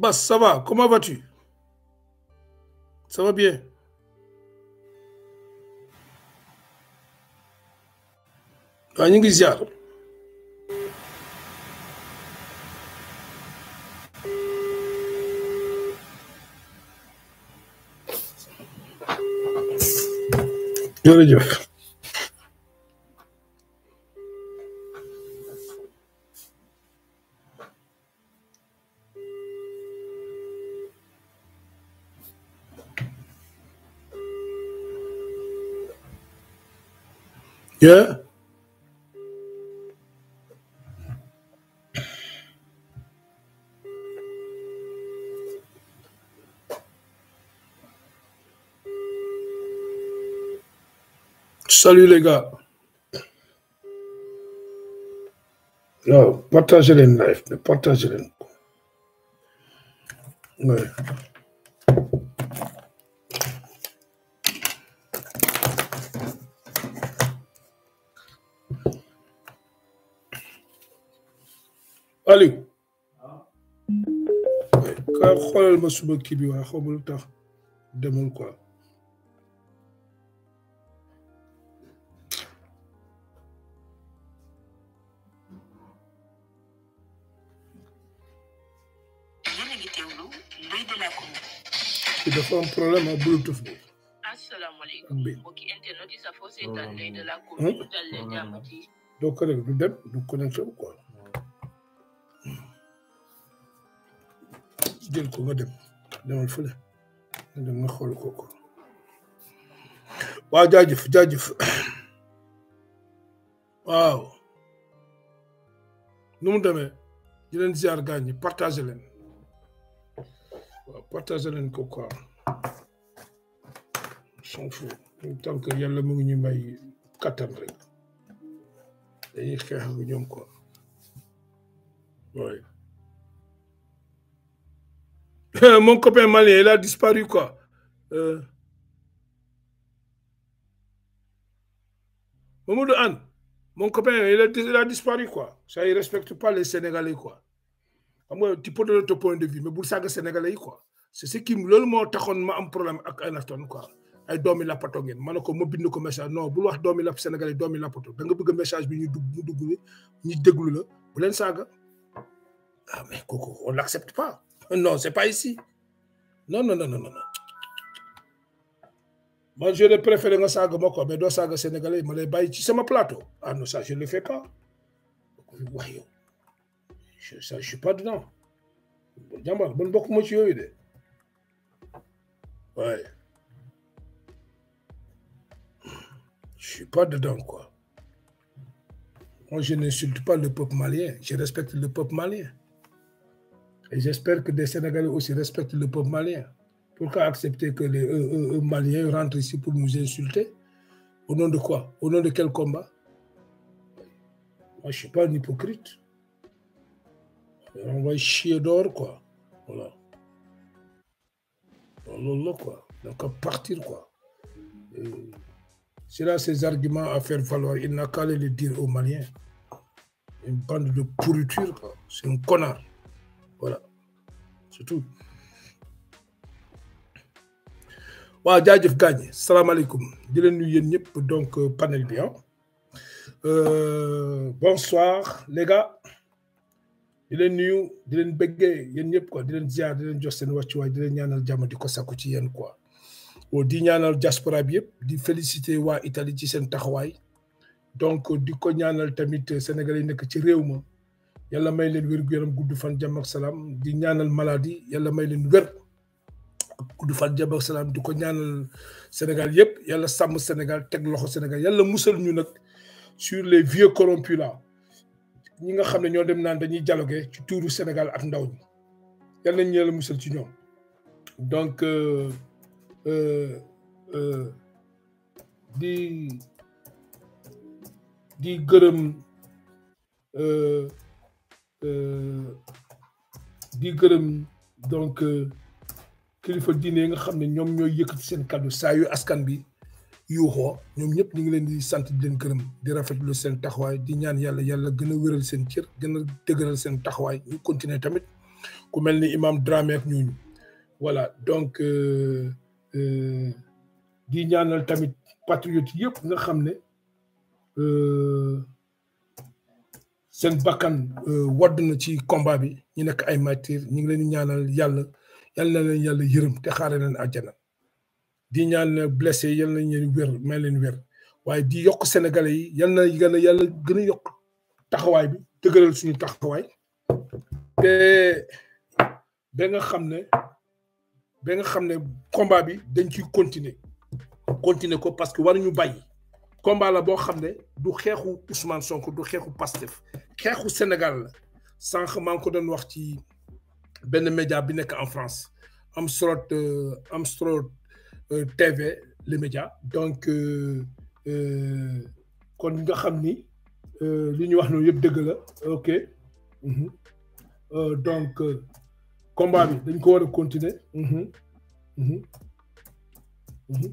Bas, ça va, comment vas-tu Ça va bien Un ah, ñu ngi Salut les gars. Non, partagez les live, partagez les. Ouais. Aliou ka xoolal ma suba kii bi xamul tax demul quoi dafa am problème ak bluetooth bi. asalaamaaleykum mbokki internet yi safoo seetaan du dem du connecté quoi. jël ko nga dem demal fële nga dem nga xool kooku waaw jaajëf jaajëf waaw nu mu demee di leen ziar gaañ ñi partagé leen waaw leen ko quoi s'en fout tant que yàlla mu ngi ñu may kattan rek dañuy xeex ak ñoom quoi waaye Mon copain malien, il a disparu quoi. Euh... Mamoudou Anne, mon copain, il a, disparu quoi. Ça, il respecte pas les Sénégalais quoi. Ah, moi, tu peux donner ton point de vue, mais pour ça que Sénégalais quoi. C'est ce qui me moo taxoon ma am problème la Anafton quoi. ay doomi la ngeen ma ne ko ma bind ko message non bul wax doomi la sénégalais la lappatoo da nga bëgg message bi ñu dugg mu dugg ñu déglu la bu ah mais coco on l'accepte pas non, c'est pas ici. Non, non, non, non, non. Moi, je préfère un saga moko, mais deux sagas sénégalais, je les baille sur mon plateau. Ah non, ça, je ne le fais pas. Je ne suis pas dedans. bon, Ouais. Je ne suis pas dedans, quoi. Moi, je n'insulte pas le peuple malien. Je respecte le peuple malien. Et j'espère que des Sénégalais aussi respectent le peuple malien. Pourquoi accepter que les euh, euh, euh, Maliens rentrent ici pour nous insulter Au nom de quoi Au nom de quel combat Moi, je ne suis pas un hypocrite. On va chier dehors, quoi. Voilà. là, quoi. Donc, à partir, quoi. C'est là ces arguments à faire valoir. Il n'a qu'à les dire aux Maliens. Une bande de pourriture, quoi. C'est un connard. Voilà. C'est tout. waaw jaajëf gagne. Salam di leen nuyu donc euh, panel hein. euh, bonsoir les gars di est il di leen il est quoi di ziar di jox oh, di ñaanal di ko ci quoi di diaspora bi di Italie donc ko tamit sénégalais yalla may leen wér gu yaram gudd fan de ak di ñaanal maladie yalla may leen wér fan ak di ko ñaanal Sénégal yépp yalla Sénégal teg loxo Sénégal sur les vieux corrompus là ñi nga xam ñoo dem naan dañuy ci Sénégal ak ndaw ñi donc Euh, di gërëm donc euh, kilifa diine nga xam ne ñoom ñooy yëkkati seen kàddu saa yu askan bi yuuxoo ñoom ñëpp ñu ngi leen di sant di leen gërëm di rafetlu seen taxwaay di ñaan yàlla yàlla gën a wéral seen cër gën a dëgëral seen taxawaay ñu continuer tamit ku mel ni imam Dramé ak ñooñu voilà donc euh, di ñaanal tamit patriote yëpp nga xam ne. seen bakkan euh, wadd na ci combat bi ñu nekk ay martyr ñu ngi leen di ñaanal yàlla yàlla na yàlla yërëm te xaare leen jana di ñaan blessé yal nañ leen wér may leen wér waaye di yokk sénégalais yi yal na gën a yàlla gën a yokk taxawaay bi dëgëral suñu taxawaay te ba nga xam ne ba nga xam ne combat bi dañ ciy continuer continuer ko parce que war waruñu bàyyi combat la bo xamné du xeexu Ousmane Sonko du xeexu Pastef xeexu Sénégal la sànq maa ngi ko doon wax ci ben média bi nek en France am Amstrad euh, Amstrad euh, TV le média donc euh, euh, kon nga xamni euh, li ñu wax no yeb deug la ok mhm. euh, donc euh, combat bi dañ ko continuer -hmm. Mhm. a -hmm.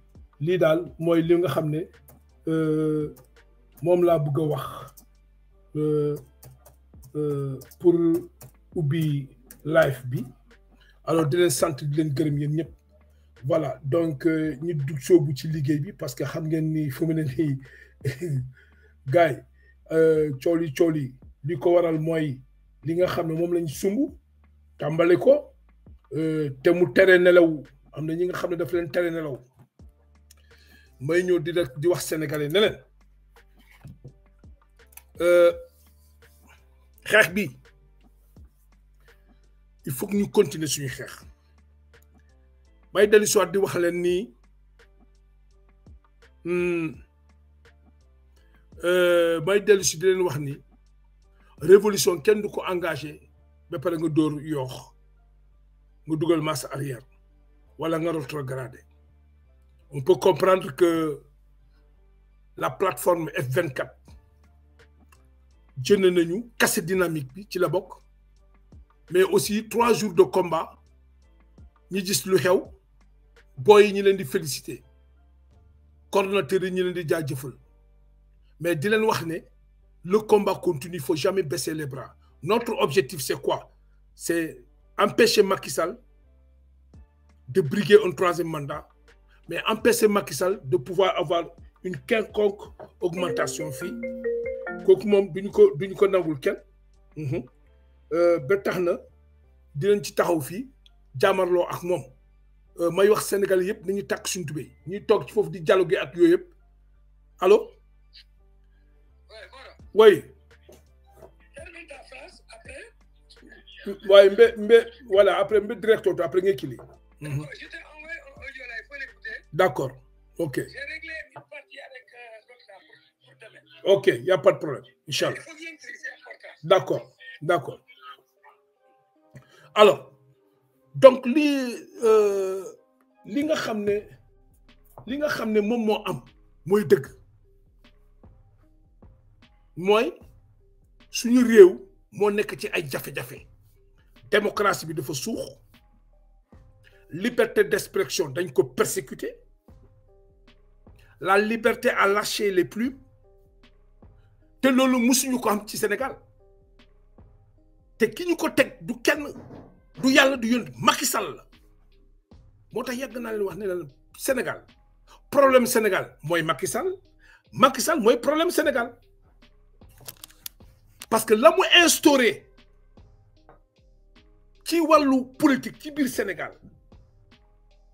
lii daal mooy li nga xam ne euh, moom laa bëgg a wax euh, euh, pour ubbi live bi alors di leen sant di leen gërëm yéen ñëpp voilà donc ñi dug soobu ci liggéey bi parce que xam ngeen ni fu ne nii gars yi cooli cooli li ko waral mooy li nga xam ne moom lañ sumb tàmbale ko te mu tere nelaw am na ñi nga xam ne daf leen tere nelaw may ñëw di di wax sénégalais ne leen euh, xeex bi il faut ñu continuer suy xeex may dellu si waat di wax leen nii hmm, euh, may dellu si di leen wax ni révolution kenn du ko engagé ba pare nga dóor yoox nga dugal masse arrière wala nga rétrogradé on peut comprendre que la plateforme F24 Dieu nañu casse dynamique la dynamique, mais aussi trois jours de combat nous disons le boy coordonnateurs mais le combat continue il faut jamais baisser les bras notre objectif c'est quoi c'est empêcher Macky Sall de briguer un troisième mandat mais empêcher Macky Sall de pouvoir avoir une quelconque augmentation fi kooku mom duñu ko duñ ko nangul kenn mhm. euh, ba taxna di len ci taxaw fi jaamarloo ak euh may wax Sénégal yépp nañu tak suñu tubéy ñuy tok ci fofu di dialoguer ak yooyu yëpp allo oui voilà après mbe directeur après ngay kii D'accord. OK. J'ai réglé une partie avec euh, OK, il n'y a pas de problème. Hein. D'accord. D'accord. Alors, donc, li, euh, li nga li nga je mom mo am moy je suñu démocratie bi liberté d'expression d'un ko persécuter la liberté à lâcher les plumes te loolu musuñu ko am au Sénégal te qui nous ko teg du kenn du yàlla du Yund, Macky Sall la moo le wax ne Sénégal problème Sénégal Le Macky Sall Macky Sall le problème Sénégal parce que la mu instauré ci le politique ci Sénégal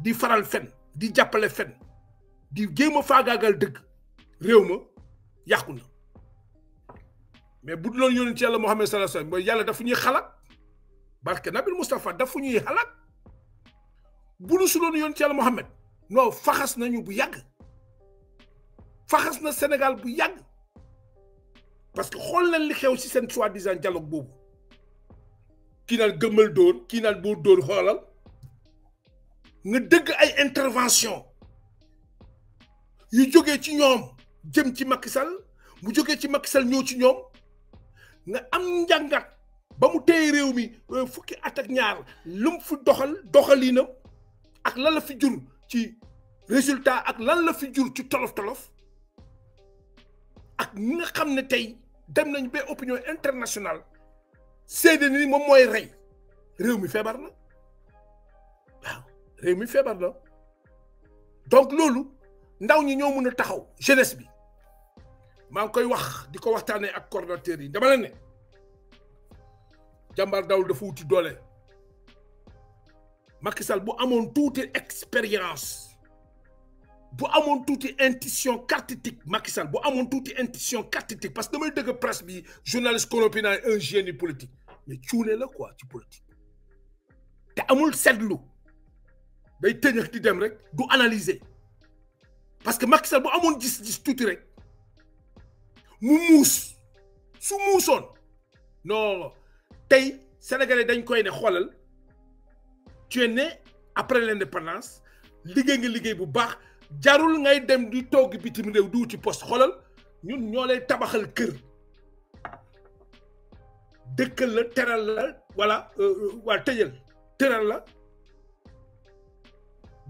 di faral fen di jàppale fen di jéem a faagaagal dëgg réew ma yàqu na mais bu duloon yónni ci yàlla Muhammad sallallahu alayhi wasallam mooy yàlla dafa ñuy xalaat barke nabil Moustapha dafa ñuy xalaat bu nu suloon yónni ci yàlla Muhammad non faxas nañu bu yàgg faxas na senegal bu yàgg parce que xool nañ li xew ci seen soi-disant dialogue boobu kii naan gëmmal dóor kii naan boo dóor xoolal nga dëgg ay intervention yu jógee ci ñoom jëm ci Macky mu jógee ci Macky Sall ci ñoom nga am njàngat ba mu téye réew mi euh, fukki at ñaar lu mu doxal ak lan la résultat ak lan la fi ci tolof-tolof dem opinion internationale ni réew mi feebar la donc loolu ndaw ñi ñoo mun a taxaw jeunesse bi maa ngi koy wax di ko waxtaanee ak coordinateur yi dama leen ne jàmbaar dawul dafa wuti doole Macky bu amoon tuuti expérience bu amoon tuuti intuition cartétique Macky bu amoon tuuti intuition cartétique parce que damay dëgg presse bi journaliste Konopi un génie politique mais cuune la quoi ci politique te amul seetlu day tëñëx di dem rek du analyser parce que Macky Sall bu amone gis-gis tout rek mu mous su muusoon non tay sénégalais dañ koy né xolal tu es né après l'indépendance liggéey nga liggéey bu baax jarul ngay dem di togg bitim rew du ci poste xolal ñun ñolay tabaxal kër dëkkal la teral la wala euh, euh, wa tëjal teral la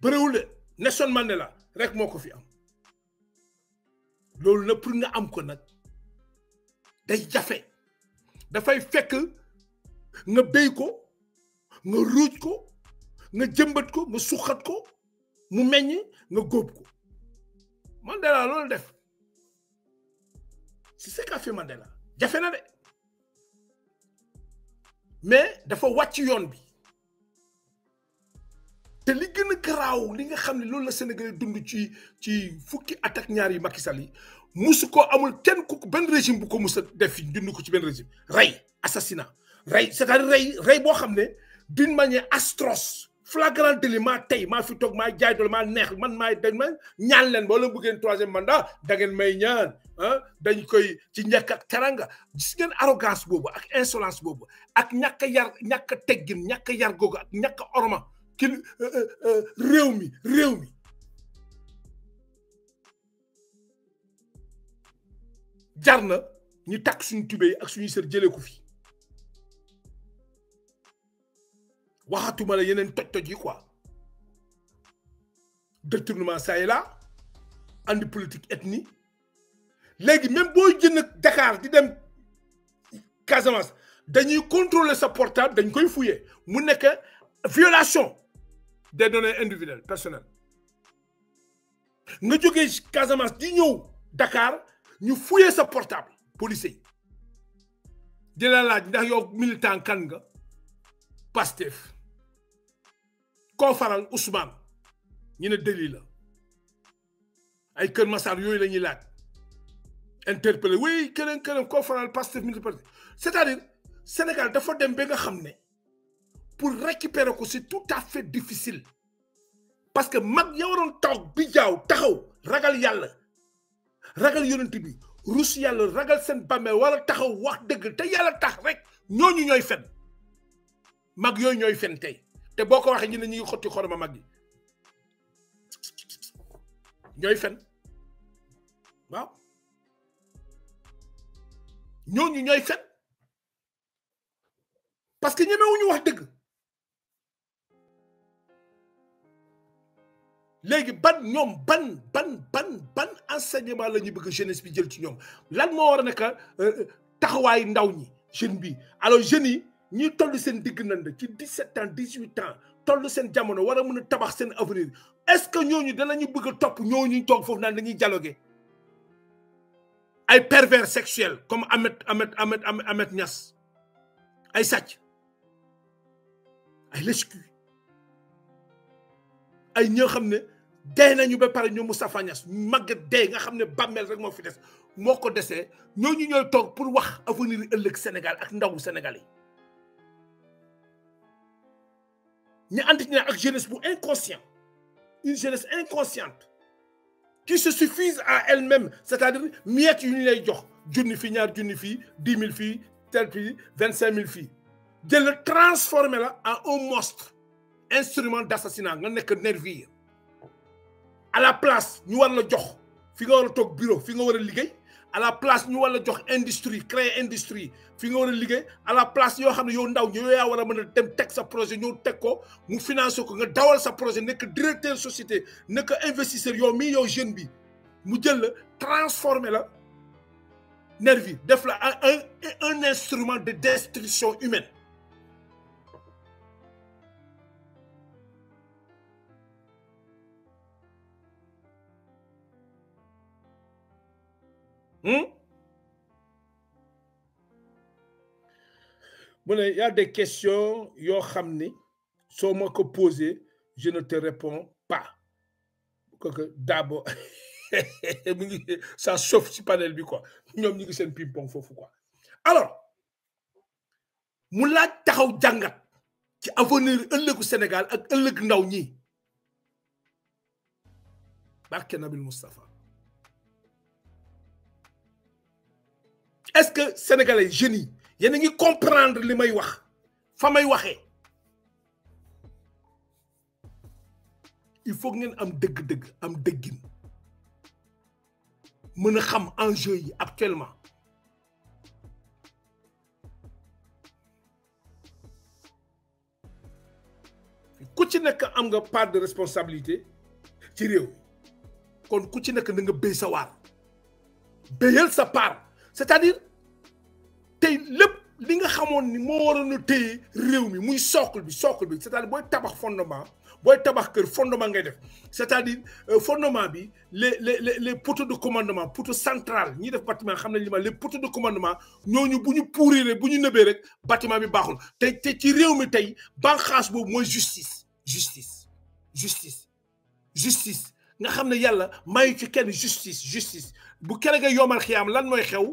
bëriwul de Nelson Mandela rek moo ko fi am loolu nag pour nga am ko nag day jafe dafay fekk nga béy ko nga ruuj ko nga jëmbat ko nga suqat ko mu meññ nga góob ko Mandela loolu def c'est ce qu'a fait Mandela jafe na de mais dafa wàcc yoon bi te li gën a garaaw li nga xam ne loolu la Sénégalais dund ci ci fukki attack ak ñaar yi Macky Sall yi musu ko amul kenn ku benn régime bu ko mus a dundu fi ko ci benn régime rey assassinat rey c'est-à-dire rey rey boo xam ne d'une manière atroce flagrant délit maa tey maa fi toog maa jaay doole maa neex man maay dañ ma ñaan leen wala leen bëggeen troisième mandat da ngeen may ñaan ah dañ koy ci ñàkk ak teranga gis ngeen arrogance boobu ak insolence boobu ak ñàkk a yar ñàkk teggin ñàkk a yar googu ak ñàkk orma Que euh, euh, euh, Réumi mi Jarna, ñu ak suñu ko fi la quoi détournement ça est là andi politique ethnie Légui même boy Dakar di dem Casamance dañuy contrôler sa portable dañ koy mu violation des données individuelles personnelles nga avons Casamance Dakar nous fouillons sa portable policier Nous la militant Pastef Ousmane ñu déli la ay Kër interpellé oui c'est-à-dire Sénégal le dem pour récupérer c'est tout à fait difficile parce que mag ya waroon taw bi jaaw taxaw ragal yàlla ragal yonent bi rus yàlla ragal seen bàmmee wala taxaw wax dëgg te yàlla tax rek ñooñu ñooy fen mag yooyu ñooy fen tey te boo ko waxee ñu ne ñu ngi xotti xorma mag yi ñooy fen waaw ñooñu ñooy parce que ñemewuñu wax dëgg léegi ban ñom ban ban ban ban enseignement lañu bëgg jeunesse bi jël ci ñom lan mo wara naka nekk euh, ndaw ñi jeune bi alors jeunes yi ñuy toll seen digg nand ci 17 ans 18 ans tollu seen jamono wara mëna tabax seen avenir est-ce que ñooñu danañu bëgg top ñoñu ñooñu toog foofu naan dañuy dialogué ay pervers sexuels comme Ahmed Ahmed Ahmed Ahmed Niass ay sàcc ay lëccu ay ñoo xam dee nañu ba pare ñu Moustapha Niass màgget dé nga xamné ne rek mo fi dess moko déssé ñoo ñu ñooy tok pour wax avenir yi Sénégal ak ndawu Sénégalais ñi ñu entretien ak jeunesse bu inconscient une jeunesse inconsciente qui se suffise à elle-même c'est-à-dire miet yu ñu lay jox junni fi ñaar junni fi dix mille fii tel fi vingt cinq mille fii transformer là en un monstre instrument d'assassinat nga nek nervi à la place ñu war la jox fi nga war a toog bureau fi nga war a liggéey à la place ñu war la jox industrie créer industrie fi nga war a liggéey à la place yoo xam ne yow ndaw yow yaa war a mën a dem teg sa projet ñëw teg ko mu financer ko nga dawal sa projet nekk directeur société nekk investisseur yow mii yow jeune bi mu jël la transformer la nervi def la un un instrument de destruction humaine bon hmm? Il y a des questions, yo xamni, so que poser, je ne te réponds pas. D'abord, ça chauffe si panel bi quoi. Ñom ñi ngi sen ping fofu quoi. Alors, mu laaj taxaw jangat ci avenir ëllëgu Sénégal ak le ndaw ñi. Barke mustapha est-ce que sénégalais génie, yi ngi comprendre limay wax famay waxé il faut ngeen am deug deug am deugine meuna xam enjeu actuellement ku ci am part de responsabilité ci kon ku ci nga part c'est-à-dire tey lépp li nga xamoon ni moo waroon a téye réew mi muy socle bi socle bi c'est-à-dire booy tabax fondement booy tabax kër fondement ngay def c'est-à-dire euh, fondement bi les les les les poteaux de commandement poteau central ñi def bâtiment xam nañ li ma les poteaux de commandement ñooñu bu ñu pourrir bu ñu nëbee rek bâtiment bi baaxul te te ci réew mi tey banqaas boobu mooy justice justice justice justice nga xam ne yàlla mayu ci kenn justice justice bu kere nga yomal xiyaam lan mooy xew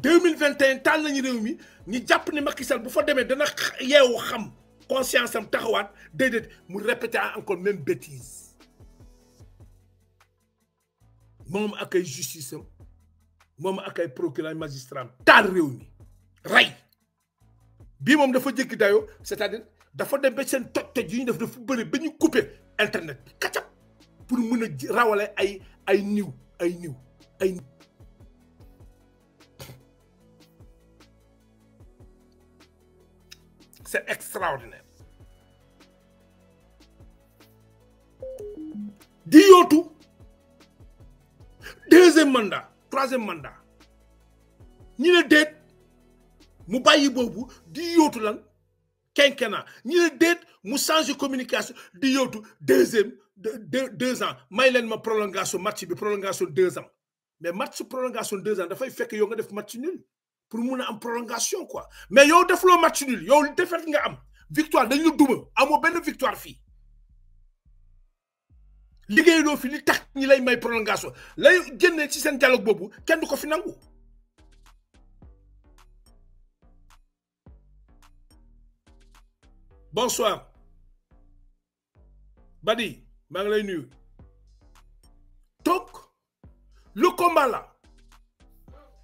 2021 tal nañu réew ni ni Macky Sall bu fa démé dana xam conscience am taxawat mu répéter encore même bêtises. mom ak justice mom procureur magistrat tal réew mi dafa c'est-à-dire dafa dem ba sen def internet pour mëna rawalé ay ay new ay c'est extraordinaire di yootu deuxième mandat troisième mandat ñi ne déet mu bàyyi boobu di yootu lan quinquennat ñi ne déet mu changé communication di yootu deuxième deux deux ans may leen ma prolongation match bi prolongation deux ans mais match prolongation deux ans dafay fekk yoo nga def match nul pour mon en prolongation quoi mais yow defuloo match nul Yo défaite nga am victoire dañu la amo ben victoire fi. Ligue fi fini. tax ni lay may prolongation lay guenné ci sen dialogue bobu. kenn du ko fi nangou bonsoir Badi maa ngi nuyu donc le combat là.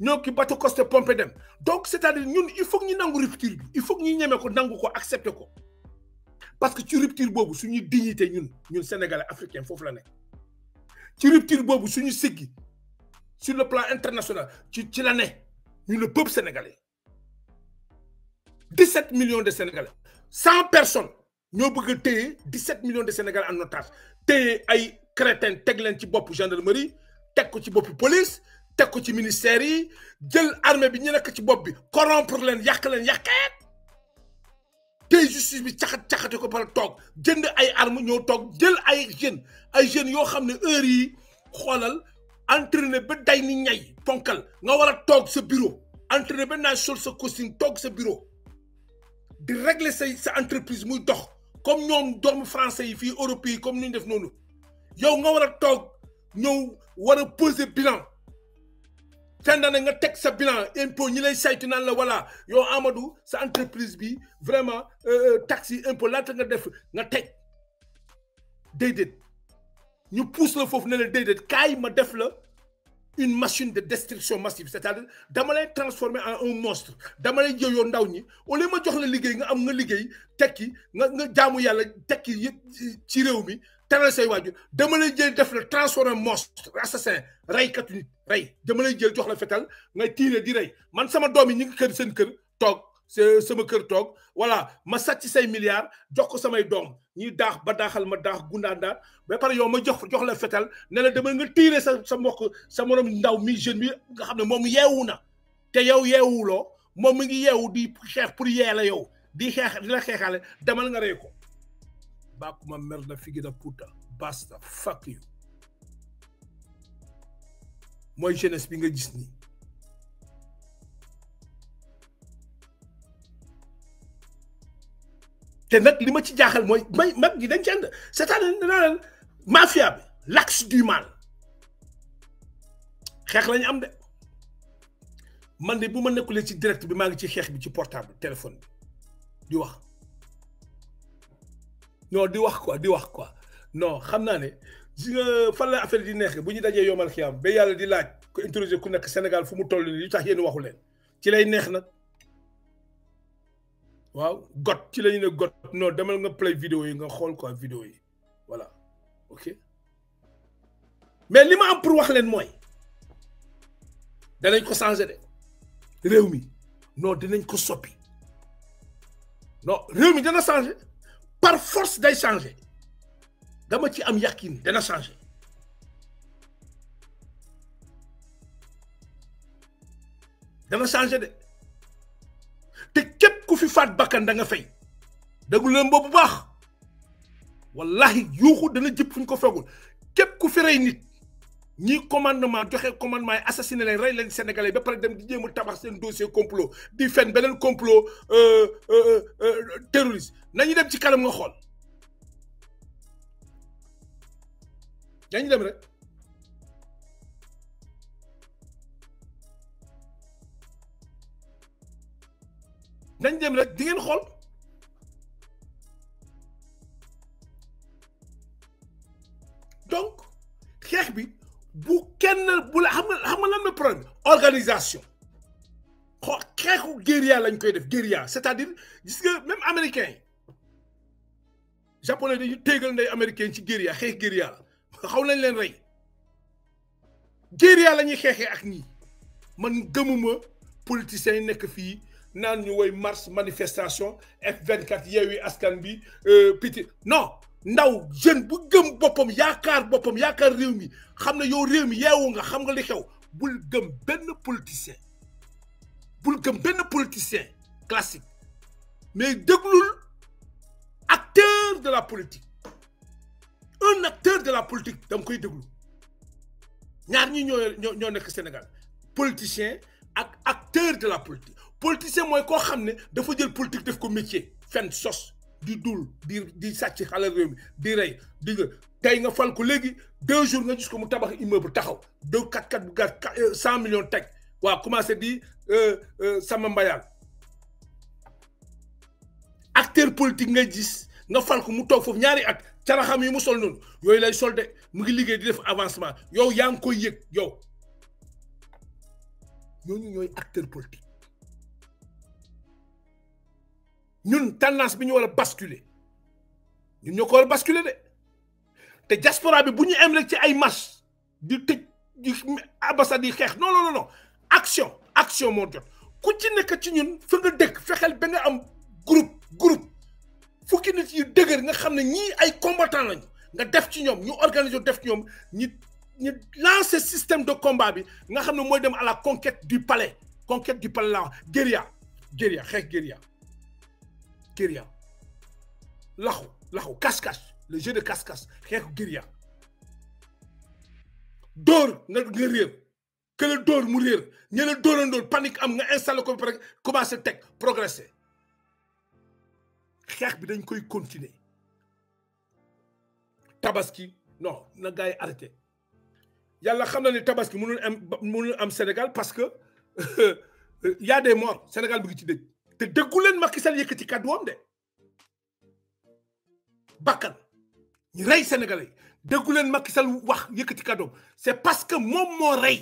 ñoo ki bateau Coste pompé dem donc c'est-à-dire ñun il faut que ñu nangu rupture bi il faut que ñu ñeme ko nangu ko accepter ko parce que ci rupture boobu suñu dignité ñun ñun sénégalais africain foofu la nekk ci rupture boobu suñu siggi sur le plan international ci ci la ne ñu le peuple sénégalais 17 millions de sénégalais 100 personnes ñoo bëgg 17 millions de sénégalais en otage téye ay crétin teg leen ci bopp gendarmerie teg ko ci boppu police teg ko ci ministère yi jël armée bi ñu nekk ci bop bi corrompre leen yak leen yàqeet tey justice bi taxat caxate ko pare tok jënd ay armes ñoo tok jël ay jeunes ay jeunes yo xamné heure yi xolal entraîner ba day ni ñay ponkal nga war tok ce bureau entraîner ba naa sol sa costume toog sa bureau di régler say sa entreprise muy dox comme ñom doomu français yi fi Europe yi comme ñu def nonu yow nga war tok ñew ñëw poser bilan fin nga tek sa bilan impôt ñi lay la wala Amadou sa entreprise bi vraiment taxi euh, euh, taxi impôt nga def nga tek ñu pousse le fofu ne ma def une machine de destruction massive c'est-à-dire dama lay transformer en un monstre dama lay Yon ndaw ñi au ma jox nga am nga tekki nga nga jaamu yalla tekki teral say waajur dama lay jël def la transformé monstre assassin reykatu nit rey dama jël jox la fetal nga tiire di rey man sama doom yi ñu ngi kër seen kër toog sama kër toog voilà ma sacc sey milliards jox ko samay doom ñuy daax ba daaxal ma daax gundaandaar ba pare yow ma jox jox la fetal ne la dama nga tiire sa sa mbokk sa morom ndaw mi jeune bi nga xam ne moom yeewu na te yow yeewuloo moom mi ngi yeewu di xeex pour yee la yow di xeex di xeexaale demal nga rey bakuma merda da puta basta fuck you Moy jeunesse bi nga gis ni té nak lima ci jaxal moy may mag gi dañ ci and c' est à mafia bi l' du mal xex lañ am de man de buma ma ci direct bi ma ngi ci xex bi ci portable téléphone bi di wax non di wax quoi di wax quoi non xamna ne si tu la affaire di neex buñu dajé yomal xiyaam be yalla di laaj ko interroger ku nek Sénégal fu mu toll li tax Tu waxu ci lay tu nak waaw got ci la ne got non demal nga play vidéo yi nga xol vidéo voilà ok mais li am pour wax leen mooy danañ ko changer dé non dinañ ko soppi non réew mi changer par force d'échanger. changé dama ci am yàqin dana changé changé de te kep ku fi fat bakkan da nga fay déglu leen wallahi dana ko ni commandement joxe commandement assassiné sénégalais ba paré dem di dossier complot di fen complot euh, euh, euh, terroriste nañu dem ci kalam nga xol dem rek dem rek di donc bu kenn bu la xam nga xam lan la problème organisation xoo xeexu guérilla lañ koy def guérilla c'est-à-dire gis nga même américain yi japonais dañu téegal nday américain ci guérilla xeex guérilla la xaw lañ leen rey guérilla la ñuy xeexe ak ñii man gëmuma politiciens yi nekk fii naan ñu woy marche manifestation F24 yeewi askan bi euh, piti non ndaw jeune bu gëm bopam yaakaar bopam yaakaar réew mi ne yow réew mi yeewu nga xam nga li xew bul gëm benn politicien bul gëm politicien classique mais déglul acteur de la politique un acteur de la politique un koy déglu ñaar ñi ñoo ñoo nekk politicien ak acteur de la politique politicien mooy koo xam dafa jël politique def ko métier fenn sos di dul di di sàcc xale di rey di nga tey nga fal ko léegi deux jours nga gis ko mu tabax immeuble taxaw deux quatre quatre bu gàtt euh, cent millions teg waa commencé di euh, euh, sama mbayaan acteur politique ngay jis nga fal ko mu toog foofu ñaari at caraxam yi mu sol noonu yooyu lay solde mu ngi liggéey di def avancement yow yaa ngi koy yëg yow ñooñu ñooy acteur politique ñun tendance bi ñu war basculer ñun ñoo ko basculer de te diaspora bi bu ñu am rek ci ay mars di tëj di ambassade yi xex non non non action action mo jot ku ci nekk ci ñun fa nga dëkk fexeel ba nga am groupe groupe fukki nit yu dëgër nga xam ñi ay combattants lañu nga def ci ñom ñu organiser def ci ñom ñi lancer système de combat bi nga xam moy dem à la conquête du palais conquête du palais la Guerilla, guerilla, xex guerilla guérilla Laho, le jeu de cache-cache guérilla que le que le dóor mu le le panique am nga installé comment à progresser. progresser. tabaski non na gars Y arrêté la xam ne tabaski mënul am en Sénégal parce que euh, y a des morts Sénégal te déggu leen Macky Sall yëkkati kàdduwam de bakan ñu rey Sénégalais yi déggu leen Macky Sall wax yëkkati kàdduwam c'est parce que moom moo rey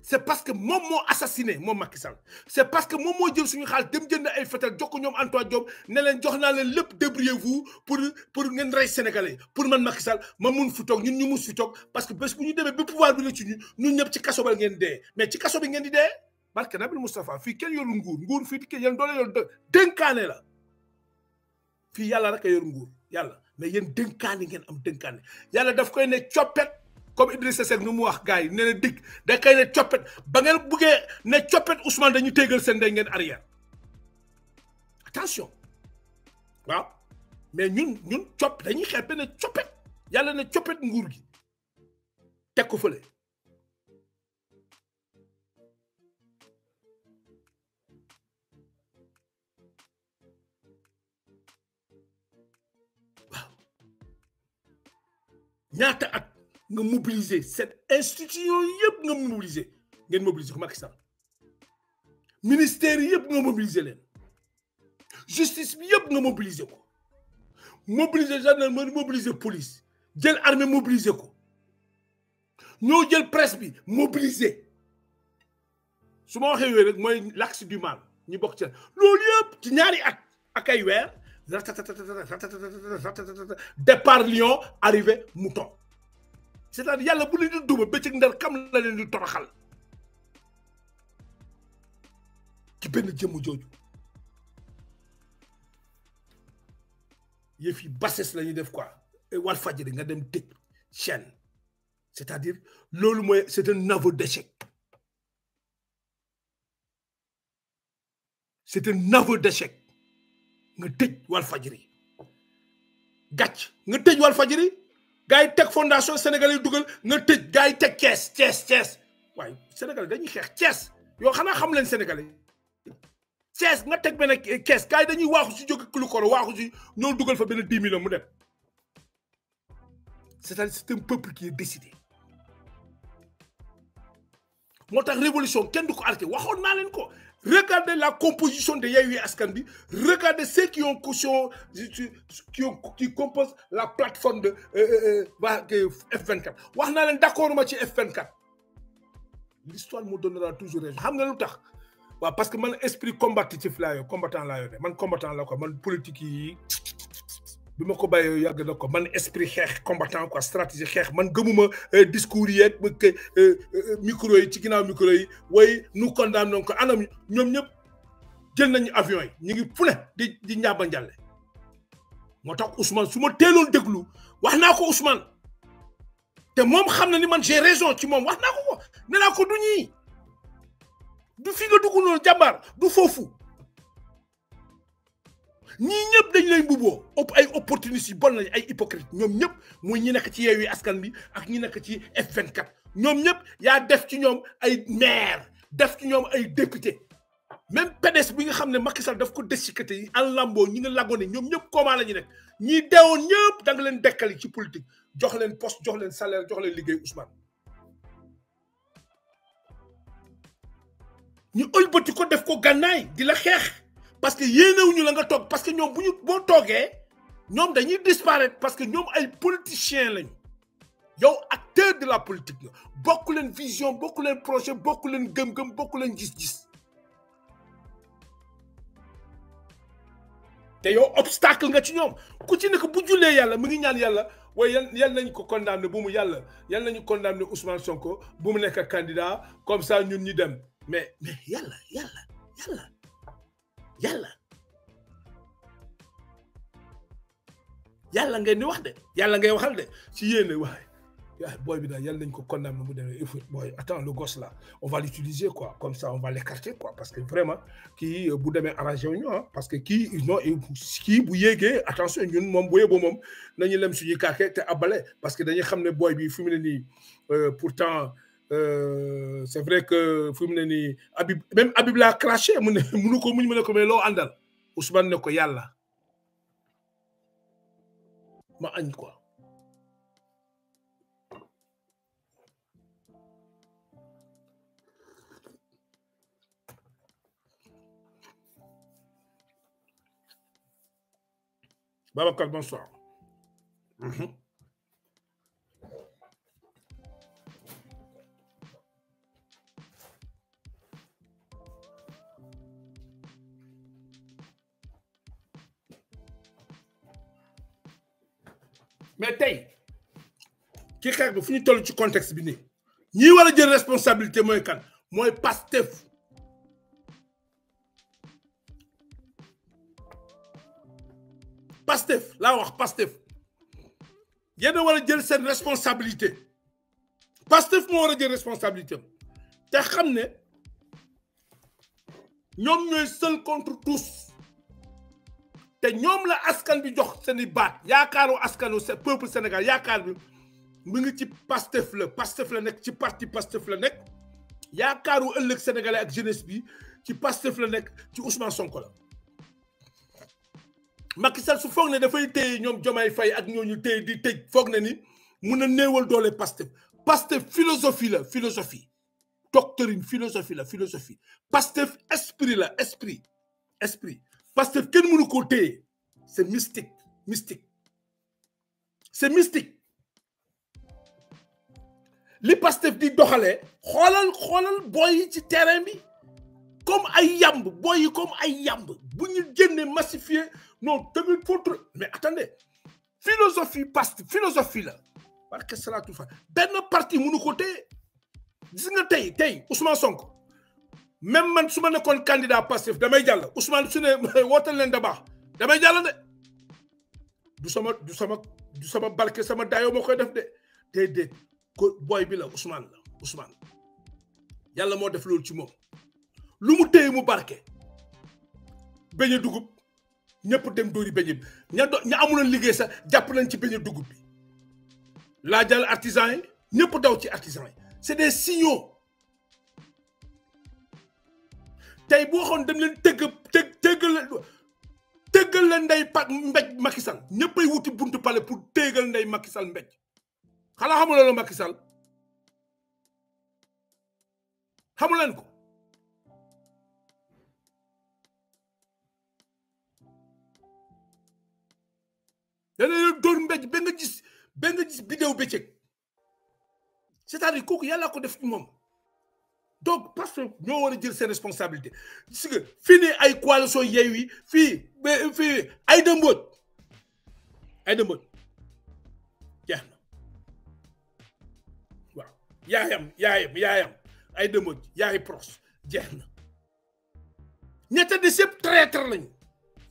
c'est parce que moom moo assassiné moom Macky Sall c'est parce que moom moo jël suñu xaal dem jënd ay fetal jox ko ñoom Antoine Diome ne leen jox naa leen lépp débrouillez-vous pour pour ngeen rey Sénégalais yi pour man Macky Sall ma mun fi toog ñun ñu mus fi toog parce que bés bu ñu demee ba pouvoir bi la ci ñun ñun ci kaso ngeen dee mais ci kaso bi ngeen di dee. barke nabil Moustapha fii kenn yorul nguur nguur fii kenn yéen doole yor dénkaane la fii yàlla rek a yor nguur yàlla mais yéen dénkaane ngeen am dénkaane yàlla daf koy ne coppet comme Idrissa Seck nu wax gars yi ne na digg da koy ne coppet ba buggee ne coppet Ousmane dañu téegal seen day ngeen arrière attention waaw mais ñun ñun dañuy xeeb ne coppet yàlla ne coppet nguur gi teg ko fële ñaata at nga mobiliser cette institution yëpp nga mobiliser ngeen mobiliser ko Macky Sall ministère yëpp nga mobiliser leen justice bi yëpp nga mobiliser ko mobiliser gendarmerie mobiliser police jël armée mobiliser ko ñoo jël presse bi mobiliser su ma waxee yooyu rek mooy l'axe du mal ñu bokk ci loolu yëpp ci ñaari at ak ay weer départ Lyon arrivé Mouton c'est-à-dire yalla bu leen di duma ndar kam la leen di toroxal ci ben jëmm jooju yëf yi bassesse la def quoi Walfadjri nga dem tëj chaîne c'est-à-dire loolu moy c'est un aveu d'échec c'est un aveu d'échec nga tëj wal fajiri gàcc nga tëj Walfadjri gars yi teg fondation Sénégal yi dugal nga tëj gars yi teg cees cees Thiès waaye Sénégal dañuy xeex cees yoo xanaa xam leen Sénégal Thiès nga teg bene kees gars dañuy waaxu si jóge Koulikoro waaxu si ñoo dugal fa benn dix millions mu dem c'est-à-dire c'est un peuple qui décidé moo tax révolution kenn du ko arrêté waxoon naa leen ko Regardez la composition de Yahweh Askandi. Regardez ceux qui ont, qui, composent la plateforme de, F24. Euh, Je euh, euh, d'accord avec F24. L'histoire me donnera toujours raison. savez parce que mon esprit combatif là, combattant là, mon combattant là mon politique bi ma ko bàyyee yàgg na ko man esprit xeex combattant quoi stratégie xeex man gëmuma eh, discours yi yeeg eh, eh, micro yi ci ginnaaw micro yi way nu condamné ko anam ñoom ñëpp jël nañu avion yi ñu ngi fu di di njàmba njàlle moo tax suma su ma teeloon déglu wax naa ko Ousmane te moom xam na ni man j'ai raison ci moom wax naa ko ko ko du ñii du fi nga dugg noonu du foofu ñii ñëpp dañ lay mbubboo ëpp ay opportunistes yi bon lañ ay hypocrite ñoom ñëpp mooy ñi nekk ci Yewwi Askan Wi ak ñi nekk ci F24 ñoom ñëpp yaa def ci ñoom ay maire def ci ñoom ay député même PDS bi nga xam ne Macky Sall daf ko des déchiqueté yi en lamboo ñi nga lagone ñoom ñëpp comment la ñu nekk ñi deewoon ñëpp da nga leen dekkali ci politique jox leen poste jox leen salaire jox leen liggéey Ousmane ñu ëlbati ko def ko gànnaay di la xeex parce que yéenewuñu la nga tok parce que ñom buñu bo togué ñom dañuy disparaître parce que ñom ay politiciens lañ yow acteur de la politique bokku bokk leen vision bokku leen projet bokku leen gëm-gëm bokku leen gis-gis té yow obstacle nga ci ñom ku ci nekk bu julé yalla mu ngi ñaan yalla way yan yan nañ ko condamné bu mu yalla yan nañu condamné Ousmane Sonko bu mu nekk candidat comme ça ñun ñi dem mais mais yalla yalla yalla yalla yalla ngeen ni wax de yalla ngay waxal de ci yéene waaye waaye boy bi daal yalla nañ ko condamné mu demee il faut attends le gosse là on va l'utiliser quoi comme ça on va l'écarter quoi parce que vraiment kii euh, bu demee arrangé wu ñu ah parce que kii non kii bu yéegee attention ñun moom bu yeboo moom nañu lem suñu kàkkee te abale parce que dañuy xam ne boy bi fi mu ne nii euh, pourtant euh, c'est vrai que fu même l'a craché mon ne munu ko ko ne ma quoi bonsoir mm-hmm. mais tu ci xeex bi fu ñu toll ci contexte bi ni ñi a jël responsabilité moy kan moy Pastef Pastef la wax Pastef yéen a war a jël responsabilité Pastef moo war a jël responsabilité te xam nous sommes seul contre tous té ñom la askan bi jox seen baat yaakaaru askanu peuple Sénégal yaakaar bi mi ngi ci pastef la pastef la nek ci parti pastef la nekk yaakaaru ëlëk sénégalais ak jeunesse bi ci pastef la nek ci Ousmane Sonko la. Macky Sall su fogné da fay téy ñom jomay fay ak ñoñu téy di tëj fogné ni mun néewal doolé pastef pastef philosophie la philosophie doctrine philosophie la philosophie pastef esprit la esprit esprit. Parce que mënu côté, c'est mystique mystique c'est mystique Les pastèques di doxalee boy, yi ci terrain comme ay yamb comme ay yamb ils ñu massifier, non mais attendez philosophie philosophie là parce que tout tout Ben, parti mënu ko gis Ousmane Sonko même man suma ma nekkoon candidat Pastef damay jàll Ousmane su ne wootal leen da baax damay jàll de du sama du sama du barke sama daayoo moo koy def de déedéet ko booy bi la Ousmane la Ousmane yàlla moo def loolu ci moom lu mu téye mu barke beñe dugub ñëpp dem dóori beñe bi ña do ña liggéey sax jàpp nañ ci beñe dugub bi laajal artisan yi ñëpp daw ci artisan yi c'est des signaux tey bu waxoon dem leen tëgg tëgg tëggal tëggal la ndey pa mbéj Macky Sall ñëppay wuti buntu pale pour tëggal ndey Macky Sall mbéj xanaa xamul loolu Macky Sall xamu leen ko dana leen dóor mbéj ba nga gis ba nga gis bidéo bëccëg c'est-à-dire kooku yàlla ko def moom donc parce que ñoo war a jël seen responsabilités si que fini ay coalition yeuy fi fi ay dëmboot ay dëmboot jeex na waaw yaayam yaayam yaayam ay dëmboot yaay proche jeex na ñetta des traître lañ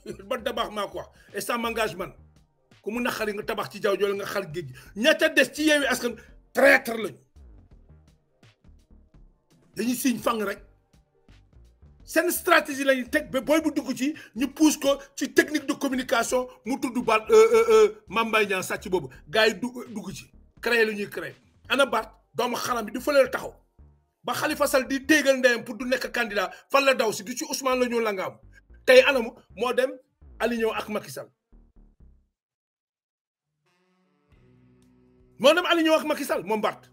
ba tabax ma quoi et ça m'engage man ku mu naxari nga tabax ci jaww joole nga xal géej gi ñetta des ci yeuy askan traître lañ dañuy siñ fang rek seen stratégie lañu teg ba booy bu dugg ci ñu pousse ko ci technique de communication mu tudd euh, euh, euh, Mame Mbaye Niang sàcc boobu gars yi euh, dugg ci créé lu ñuy créé ana Bart doomu xalam bi du fëleel taxaw ba Khalifa Sall di teegal ndeyam pour du nekk candidat fan la daw si du ci Ousmane la ñu langaam tey anamu moo dem aligné ak Macky Sall moo dem aligné ak Macky Sall moom Bart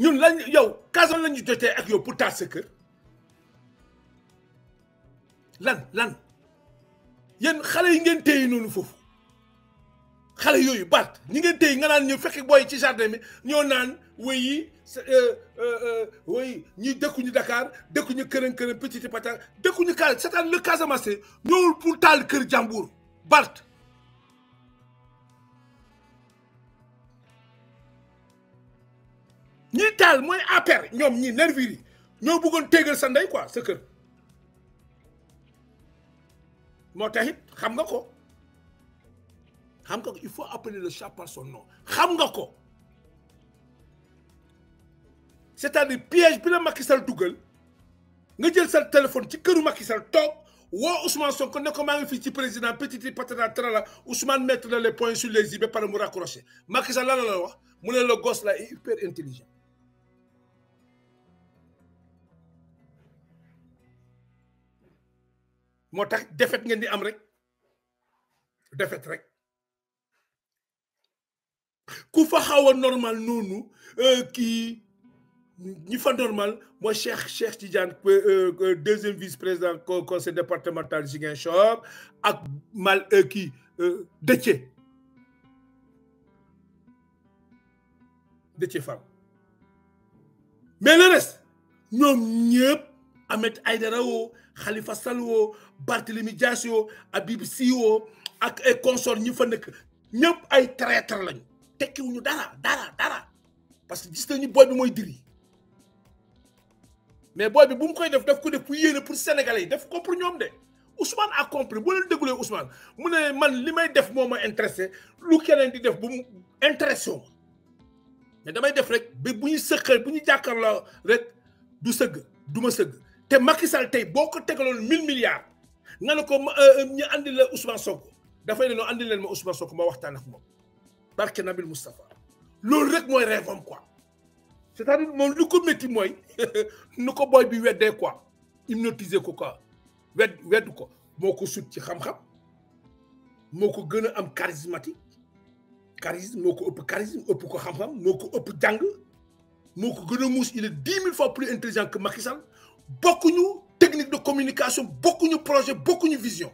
ñun lañ yow la lañu jotee ak yow pour taal sa lan lan yéen xale yi ngeen téye noonu foofu xale yooyu baat ñi ngeen téye nganaan naan ñu fekk booy ci jardin bi ñoo naan wéy yi euh, euh, euh, wéy ñi dëkkuñu Dakar dëkkuñu kërën kërën petit patin dëkkuñu kaal c'est-à-dire le Casamance ñëwul pour taal kër jàmbur Bart ñi tal moy APR ñom ñi nerviri ñoo bëggoon téegal sa ndey quoi sa kër moo taxit xam nga ko xam nga ko il faut appeler le chat par son nom xam nga ko c'est-à-dire piège bi la Macky Sall dugal nga jël sa téléphone ci këru Macky Sall toog wo Ousmane Sonko ne ko maa ngi fii ci président petit patata la Ousmane mettre na les points sur les i ba pare mu raccroché Macky Sall la la wax mu ne le gosse là est hyper intelligent moo tax defet ngeen di am rek defet rek ku fa xawa normal normal euh qui ñi fa normal mooy Cheikh Cheikh Tidiane euh, deuxième vice-président conseil départemental Ziguinchor ak mal euh, euh, Déthié Déthié Fall mais le reste ñom ñepp Ahmed Aïdara woo Khalifa Salwo, woo Barthélemy Dias woo Habib Sy ak ay consort ñu fa nek ñepp ay traître lañ dara dara dara parce que gis nañu booy bi moy diri mais boy bi bu mu koy def daf ko def pour sénégalais def ko Ousmane a compris Vous leen dégluwee Ousmane mu man que def moma intéressé lu keneen di def bu intéressé mais damay def rek ba bu ñu sëqee bu ñu rek du sëgg te Macky Sall tey boo ko mille milliards nga ko euh, euh, ñi andi la Ousmane Sonko da fay noo andi leen ma Ousmane Sonko ma waxtan ak mom barke Nabil Mustafa lool rek moy rêve am quoi c'est-à-dire mon lu ko metti moy nuko boy bi weddee quoi hypnotiser ko quoi wedd weddu ko moko ko sut ci xam-xam moko ko am charismatique charisme moko ko ëpp charisme ëpp ko xam-xam moko ko ëpp jàng moo ko il est dix mille fois plus intelligent que Macky Sall Beaucoup de techniques de communication beaucoup projets, beaucoup de visions,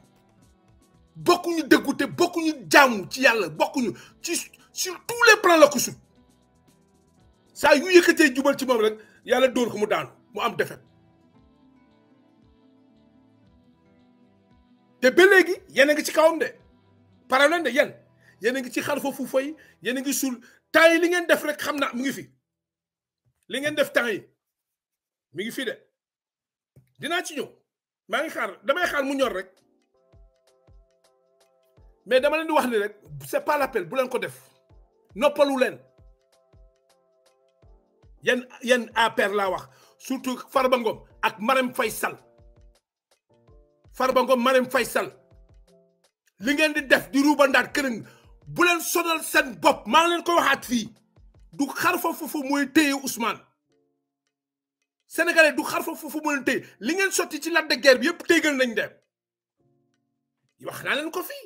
beaucoup de dégoûtés, Beaucoup de ci beaucoup de ci sur tous les plans la ko Ça yu yëkkatee vous ci il rek a le ko daanu mu am defet te ba a ci de parallèle de Il a ci a Il li def rek mu ngi de dinaa ci ñëw maa ngi xaar damay xaar mu ñor rek mais dama leen di wax ni rek c'est pas l'appel bu leen ko def noppalu leen yan yan APR laa wax surtout farbangom ak Marème Faye Sall Farba Faisal, Marème Faye li ngeen di def di ruubandaat këriñ bu leen sonal seen bopp maa leen ko waxaat fii du xar fa foofu mooy téye Ousmane sénégalais du xar fa foofu mën a li ngeen sotti ci lande guerre bi yëpp téegal nañ dem wax naa leen ko fi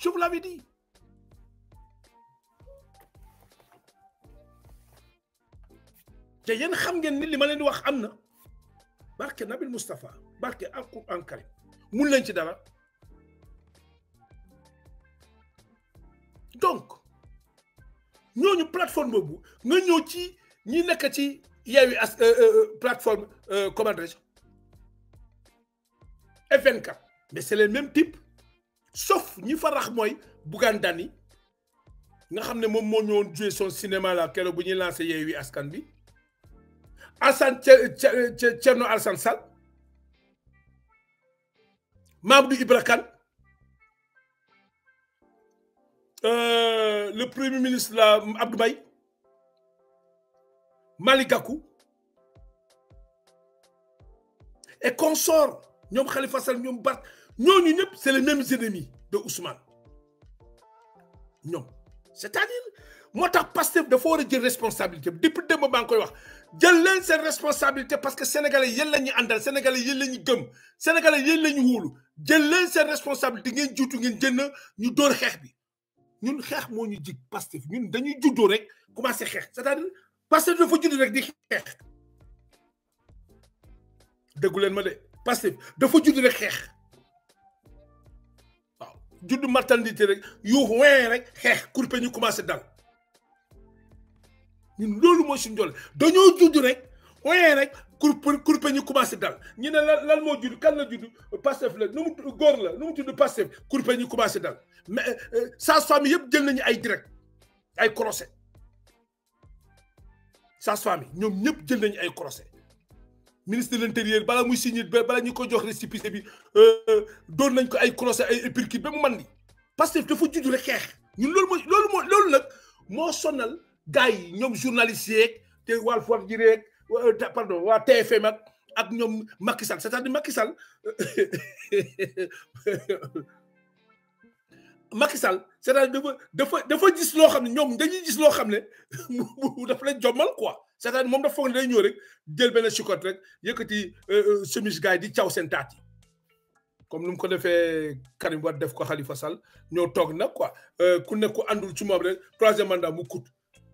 je la l'avais dit te yéen xam ngeen ni li ma leen di wax am na barke Nabil Moustapha barke alquran karim mun leen ci dara donc ñooñu plateforme bobu nga ñëw ci ñi nekk ci yeewi as euh, euh, euh, plateforme comment dirais-je FNK mais c'est le même type, sauf ñi fa rax moy Bougane nga xam mom mo moo jouer son cinéma la keroog bu ñuy lancé Yewwi Askan bi Hassan Thierno Alsan Sall Mamadou Ibra euh, le Premier ministre là, Abdoulaye, Malikaku, et consorts, ñoom Khalifa Sal, ñoom Barth ñooñu ñëpp c'est les mêmes ennemis de Ousmane non, c'est-à-dire moi t'as passé de war jël responsabilité depuis le maa je koy wax jël responsabilité parce que sénégalais yéen lañu andal sénégalais yéen lañu gëm sénégalais yéen lañu wul wóolu jël leen seen responsabilité ngeen juutu ngeen jënd ñu dóor xeex bi ñun xex moo ñu jig Pastef ñun dañuy juddoo rek commencé xeex c'est-à-dire Pastef dafa judd rek di xex déggu leen ma de Pastef dafa judd rek xex waaw judd maternité rek yu wee rek xex kurpe ñu commencé dal ñun loolu mooy suñu doole dañoo judd rek oyee rek kur kurpe ñu commencé dal ñu ne lan lan moo judd kan la judd Pastef la nu mu góor la nu mu tudd Pastef kurpe ñu commencé dal mais sa femmes yeb jël nañ ay direct ay crochet sa femmes ñom ñep jël nañ ay crochet ministre de l'intérieur bala muy signé bala ñu ko jox récépissé bi euh, euh doon nañ ko ay crochet ay épicurie ba mu man ni Pastef dafa judd rek xeex ñun loolu mooy loolu moo loolu nag moo sonal gaay ñom ñoom journaliste yeeg te Walf Fadjri yeeg Euh, pardon waa TFM ak ak ñoom Macky Sall c'est-à-dire Macky Sall Sall c'est-à-dire dafa dafa dafa gis loo xam ne ñoom dañuy gis loo xam ne daf la jommal quoi cest à moom dafa foog ne day ñëw rek jël benn chicot rek yëkkati euh, euh, chemise gars yi di caw seen taat yi comme nu mu ko defee Karim Wade def ko xalifa sal ñoo toog nag quoi ku nekk ku àndul ci moom rek troisième mandat mu kut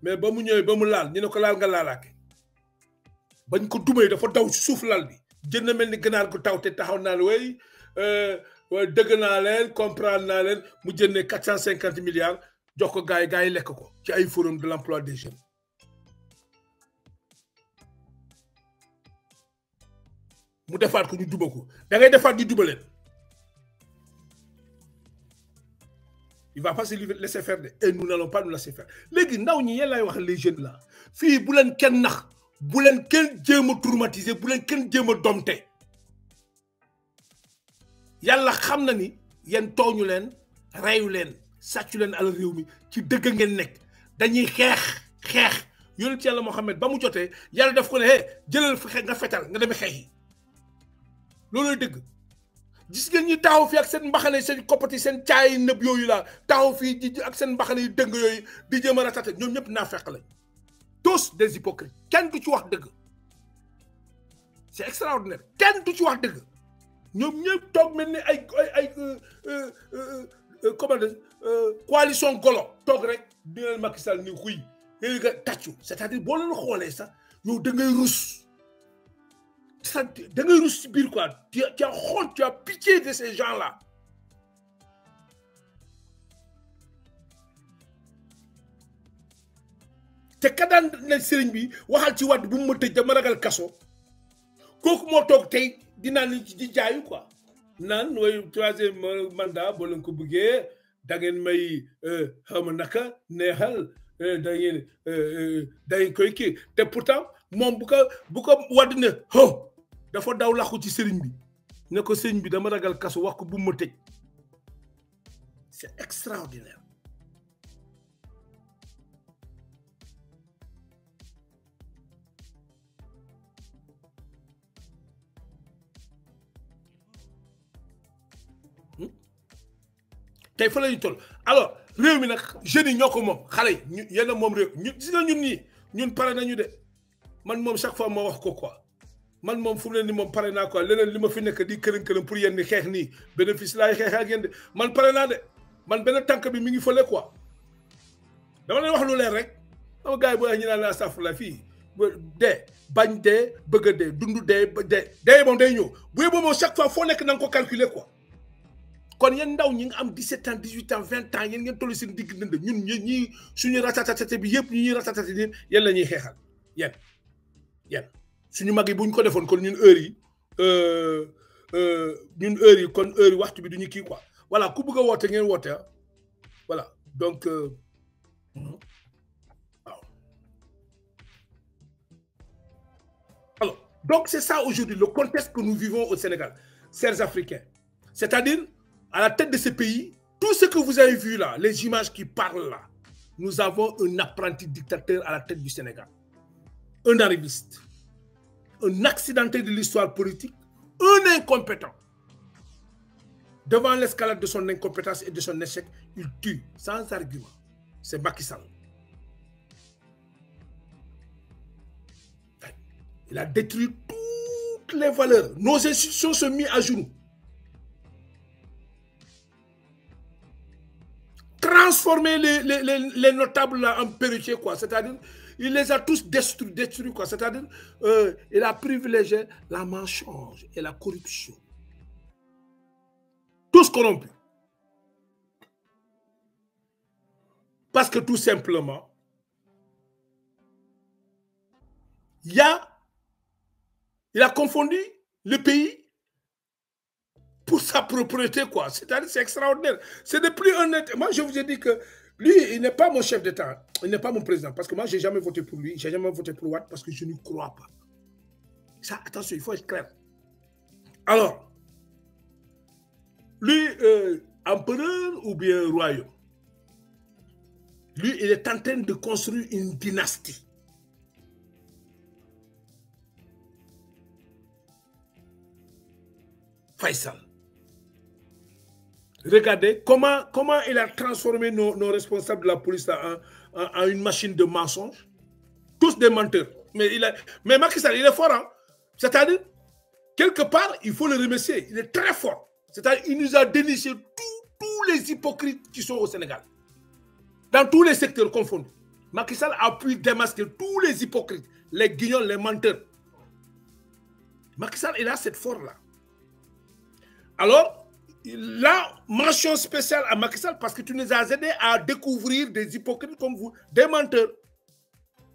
mais ba mu ñëwee ba mu laal ñu ne ko laal nga laalaake bañ ko dumee dafa daw ci suuf lal bi ni gu taw te taxaw euh, way dëgg naa leen comprendre mu milliards jox ko gars des ko ci ay forum de l'emploi des jeunes mu defaat ko ñu duba da ngay defaat ñu duba il va pas se laisser faire de et nous n'allons pas nous laisser faire ñi wax les jeunes là fii bu leen kenn nax bu len kenn djema a traumatiser bu leen kenn djema domté yalla xamna ni yéen tooñu len rayu len sàccu len alal réew ci deug ngeen nek dañuy xex xeex yonent yàlla Muhammad ba mu joté yalla daf ko ne eh jëlal nga fetal nga dem xeex yi deug gis ngeen ñi taxaw fi ak seen mbaxane seen copati seen caayi neub yoyu la taxaw fi di ak seen mbaxane deug yoyu di jéem a ratate ñoom ñëpp naa fekk tous des hypocrites kenn du tu wax dëgg c'est extraordinaire kenn du ci wax dëgg ñoom ñëpp toog mel ni ay euh, euh, euh, comment dire coalition golo toog rek di leen Macky Sall ni xuy yéen nga c'est-à-dire boo leen xoolee ça, yow da ngay Ça, da ngay rus ci biir quoi tu as honte tu as pitié de ces gens-là te ka daan ne sëriñ bi waxal ci wàdd bu mu ma tëj dama ragal kaso kooku moo toog tey dinaa ni di jaayu quoi naan way manda mandat boo leen ko bëggee da ngeen may euh, xawma naka neexal euh, da ngeen euh, da ngeen koy kii te pourtant moom bu ko bu ko wàdd ne ho dafa daw laxu ci sëriñ bi ne ko sëriñ bi dama ragal kaso wax ko bu mu ma tëj c'est extraordinaire Hmm? tay fa la toll alors réew mi nag jeunes yi ñoo ko moom xale yi ñu yenn moom réew ñu gis nga ñun ñii ñun pare nañu de man moom chaque fois ma wax ko quoi man moom fu mu ne ni moom pare naa quoi leneen li ma fi nekk di këram këram pour yenn xeex nii bénéfice laay xeex ak yéen de man pare naa de man benn tànk bi mi ngi fële quoi dama leen wax lu leer rek dama gars yi wax ñu naan la saf la fii dee bañ dee bëgg a dee dund dee ba dee dee moom day ñëw bu yeboo moom chaque fois foo nekk na nga ko calculer quoi kon yéen ndaw ñi nga am 17 ans 18 ans 20 ans yéen ngeen tollu seen digg ndënd ñun ñi suñu ratatatate bi yépp ñu ñuy ratatate yéen yéen la xéxal xeexal yéen suñu mag yi bu ko defoon kon ñun heure yi euh euh ñun heure yi kon heure yi waxtu bi duñu ki quoi voilà ku bëgg a ngeen woote ah. voilà donc euh, waaw donc c'est ça aujourd'hui le contexte que nous vivons au Sénégal chers Africains c'est-à-dire à la tête de ce pays, tout ce que vous avez vu là, les images qui parlent là, nous avons un apprenti dictateur à la tête du Sénégal, un arriviste, un accidenté de l'histoire politique, un incompétent. Devant l'escalade de son incompétence et de son échec, il tue sans argument. C'est Macky Il a détruit toutes les valeurs. Nos institutions se mises à genoux. transformer les, notables en perruquiers, quoi. C'est-à-dire, il les a tous détruits, quoi. C'est-à-dire, euh, il a privilégié la manchange et la corruption. Tous corrompus. Parce que tout simplement, il, a, il a confondu le pays pour sa propriété, quoi. cest c'est extraordinaire. C'est de plus honnête. Moi, je vous ai dit que lui, il n'est pas mon chef d'État. Il n'est pas mon président. Parce que moi, je n'ai jamais voté pour lui. Je n'ai jamais voté pour Watt parce que je ne crois pas. Ça, attention, il faut être clair. Alors, lui, euh, empereur ou bien royaume, lui, il est en train de construire une dynastie. Faisal. Regardez comment, comment il a transformé nos, responsables de la police en, une machine de mensonges. Tous des menteurs. Mais, il il est fort. Hein? C'est-à-dire, quelque part, il faut le remercier. Il est très fort. C'est-à-dire, il nous a déniché tous les hypocrites qui sont au Sénégal. Dans tous les secteurs confondus. Macky Sall a pu démasquer tous les hypocrites, les guignols, les menteurs. Macky Sall, il a cette force-là. Alors, la mention spéciale à Macky Sall parce que tu nous as aidé à découvrir des hypocrites comme vous, des menteurs.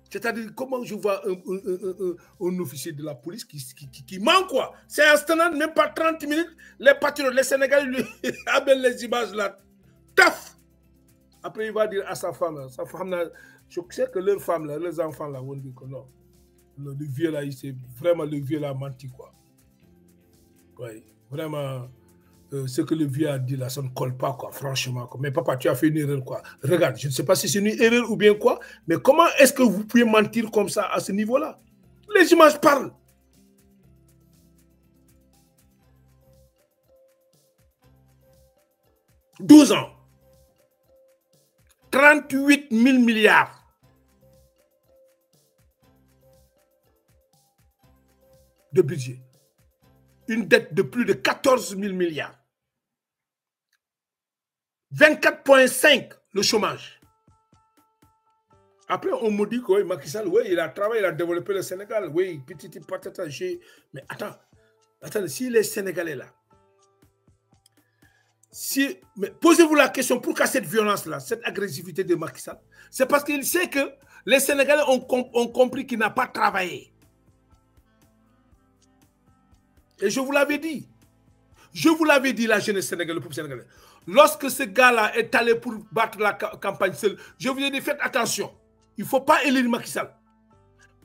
C'est-à-dire, comment je vois un, officier de la police qui, qui, qui, ment, quoi C'est instantané, même pas 30 minutes, les patriotes, les Sénégalais lui amènent les images là. Taf Après, il va dire à sa femme, là, sa femme là, je sais que leurs femmes là, leurs enfants là, vont dire que non. Le, vieux là, il s'est vraiment le vieux là menti, quoi. Oui, vraiment. Euh, ce que le vieux a dit là, ça ne colle pas, quoi, franchement. Mais papa, tu as fait une erreur, quoi. Regarde, je ne sais pas si c'est une erreur ou bien quoi, mais comment est-ce que vous pouvez mentir comme ça à ce niveau-là Les images parlent. « 12 ans, 38 000 milliards. de budget. Une dette de plus de 14 000 milliards. 24,5 le chômage. Après, on me dit que oui, Macky Sall, oui, il a travaillé, il a développé le Sénégal. Oui, petit petit, petit. Mais attends, attends, si les Sénégalais là, si, posez-vous la question, pourquoi cette violence-là, cette agressivité de Macky Sall C'est parce qu'il sait que les Sénégalais ont, ont compris qu'il n'a pas travaillé. Et je vous l'avais dit. Je vous l'avais dit, la jeunesse sénégalaise, le peuple sénégalais. Lorsque ce gars-là est allé pour battre la campagne seule, je vous ai dit, faites attention. Il ne faut pas élire Macky Sall.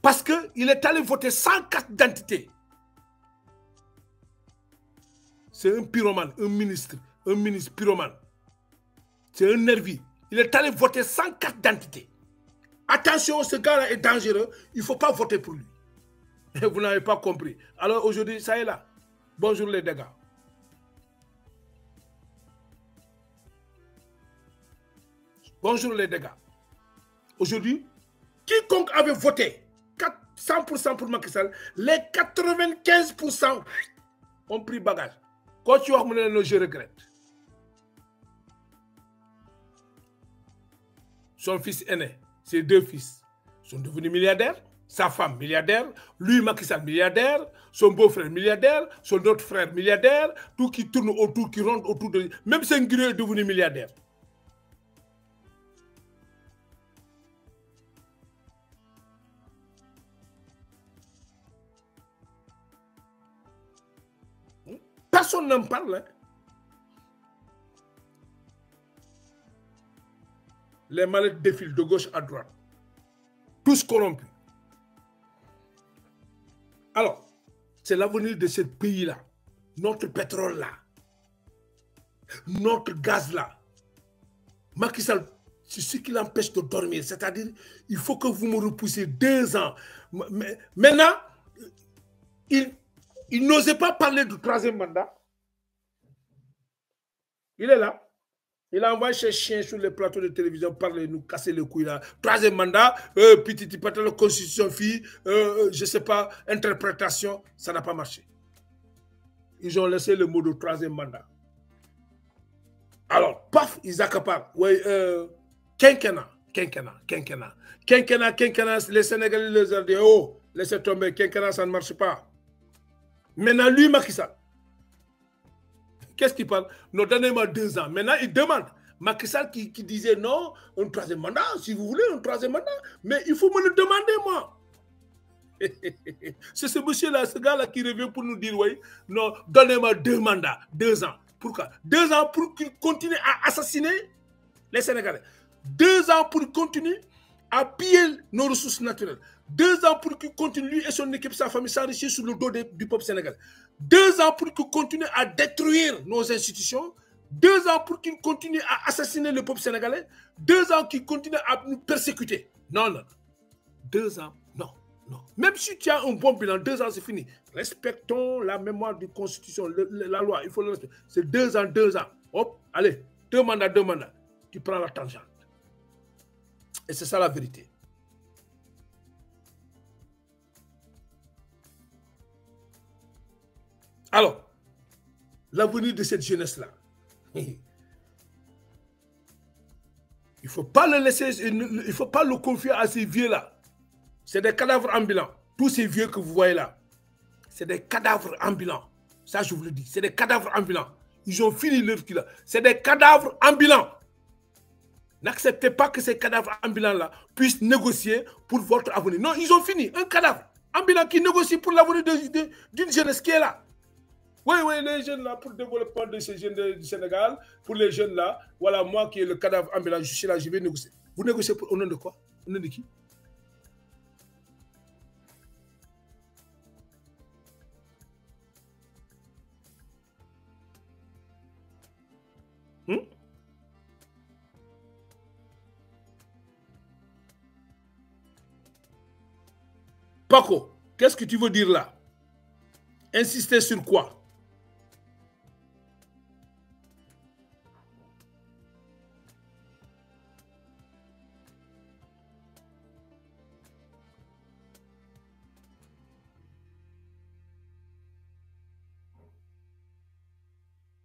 Parce qu'il est allé voter sans carte d'identité. C'est un pyromane, un ministre, un ministre pyromane. C'est un nervi. Il est allé voter sans carte d'identité. Attention, ce gars-là est dangereux. Il ne faut pas voter pour lui. Vous n'avez pas compris. Alors aujourd'hui, ça est là. Bonjour les dégâts. Bonjour les dégâts. Aujourd'hui, quiconque avait voté 100% pour Macky les 95% ont pris bagage. Quand tu vois je regrette. Son fils aîné, ses deux fils, sont devenus milliardaires. Sa femme milliardaire, lui Macky milliardaire, son beau-frère milliardaire, son autre frère milliardaire, tout qui tourne autour, qui rentre autour de... lui, Même Senghir est devenu milliardaire. Personne n'en parle. Hein. Les malades défilent de gauche à droite. Tous corrompus. Alors, c'est l'avenir de ce pays-là. Notre pétrole-là. Notre gaz-là. Macky c'est ce qui l'empêche de dormir. C'est-à-dire, il faut que vous me repoussiez deux ans. Maintenant, il, il n'osait pas parler du troisième mandat. Il est là. Il a envoyé ses chiens sur les plateaux de télévision parler, nous casser les couilles là. Troisième mandat, euh, petit patin, la constitution fille, euh, euh, je ne sais pas, interprétation, ça n'a pas marché. Ils ont laissé le mot de troisième mandat. Alors, paf, ils accaparent. euh, quinquennat, quinquennat, quinquennat. Quinquennat, quinquennat, les Sénégalais les ont dit, oh, laissez tomber, quinquennat, ça ne marche pas. Maintenant, lui, Macky Sall, qu'est-ce qu'il parle Non, donnez-moi deux ans. Maintenant, il demande. Macky Sall qui, disait non, un troisième mandat, si vous voulez, un troisième mandat. Mais il faut me le demander, moi. C'est ce monsieur-là, ce gars-là qui revient pour nous dire, oui, non, donnez-moi deux mandats, deux ans. Pourquoi Deux ans pour qu'il continue à assassiner les Sénégalais. Deux ans pour continuer à piller nos ressources naturelles. Deux ans pour qu'il continue, lui et son équipe, sa famille, s'enrichir sur le dos du peuple sénégalais. Deux ans pour qu'il continue à détruire nos institutions. Deux ans pour qu'il continue à assassiner le peuple sénégalais. Deux ans qu'il continue à nous persécuter. Non, non. Deux ans, non, non. Même si tu as un bon bilan, deux ans, c'est fini. Respectons la mémoire de la Constitution, la loi, il faut le respecter. C'est deux ans, deux ans. Hop, allez, deux mandats, deux mandats. Tu prends la tangente. Et c'est ça la vérité. Alors, l'avenir de cette jeunesse-là, il ne faut pas le laisser, il faut pas le confier à ces vieux-là. C'est des cadavres ambulants. Tous ces vieux que vous voyez là, c'est des cadavres ambulants. Ça, je vous le dis, c'est des cadavres ambulants. Ils ont fini leur là. C'est des cadavres ambulants. N'acceptez pas que ces cadavres ambulants-là puissent négocier pour votre avenir. Non, ils ont fini. Un cadavre ambulant qui négocie pour l'avenir d'une jeunesse qui est là. Oui, oui, les jeunes là, pour le développement de ces jeunes du Sénégal, pour les jeunes là, voilà, moi qui ai le cadavre ambulant, je suis là, je vais négocier. Vous négociez pour, au nom de quoi Au nom de qui Paco, qu'est-ce que tu veux dire là Insister sur quoi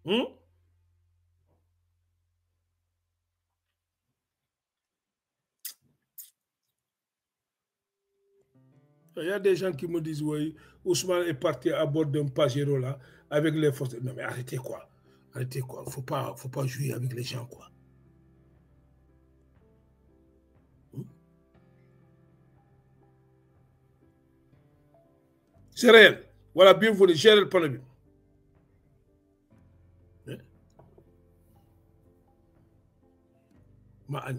hmm? Il y a des gens qui me disent, oui, Ousmane est parti à bord d'un Pajero là, avec les forces. Non, mais arrêtez quoi. Arrêtez quoi. Faut pas, faut pas jouer avec les gens quoi. Hein? C'est réel. Voilà, bienvenue, Gérald le problème. Hein? Ma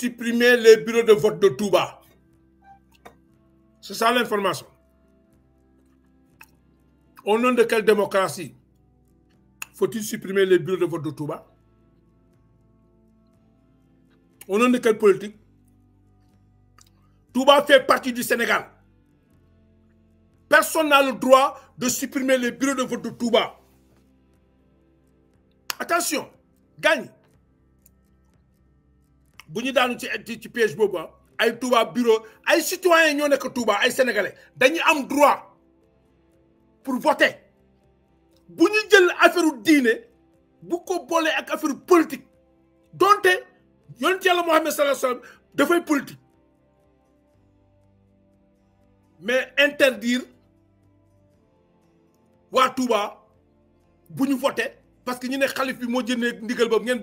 supprimer les bureaux de vote de Touba. C'est ça l'information. Au nom de quelle démocratie faut-il supprimer les bureaux de vote de Touba Au nom de quelle politique Touba fait partie du Sénégal. Personne n'a le droit de supprimer les bureaux de vote de Touba. Attention, gagne. Si vous daanu ci ci piège boobu ah, ay Touba bureau ay citoyens ñoo nekk Touba ay sénégalais dañuy am droit pour voter bu ñu jël affaire diine bu ko un ak affaire politique donte yonent yàlla Muhammad sallallahu politique mais interdire waa Touba voter parce que ñu ne xalif bi moo jëndee ndigal boobu ngeen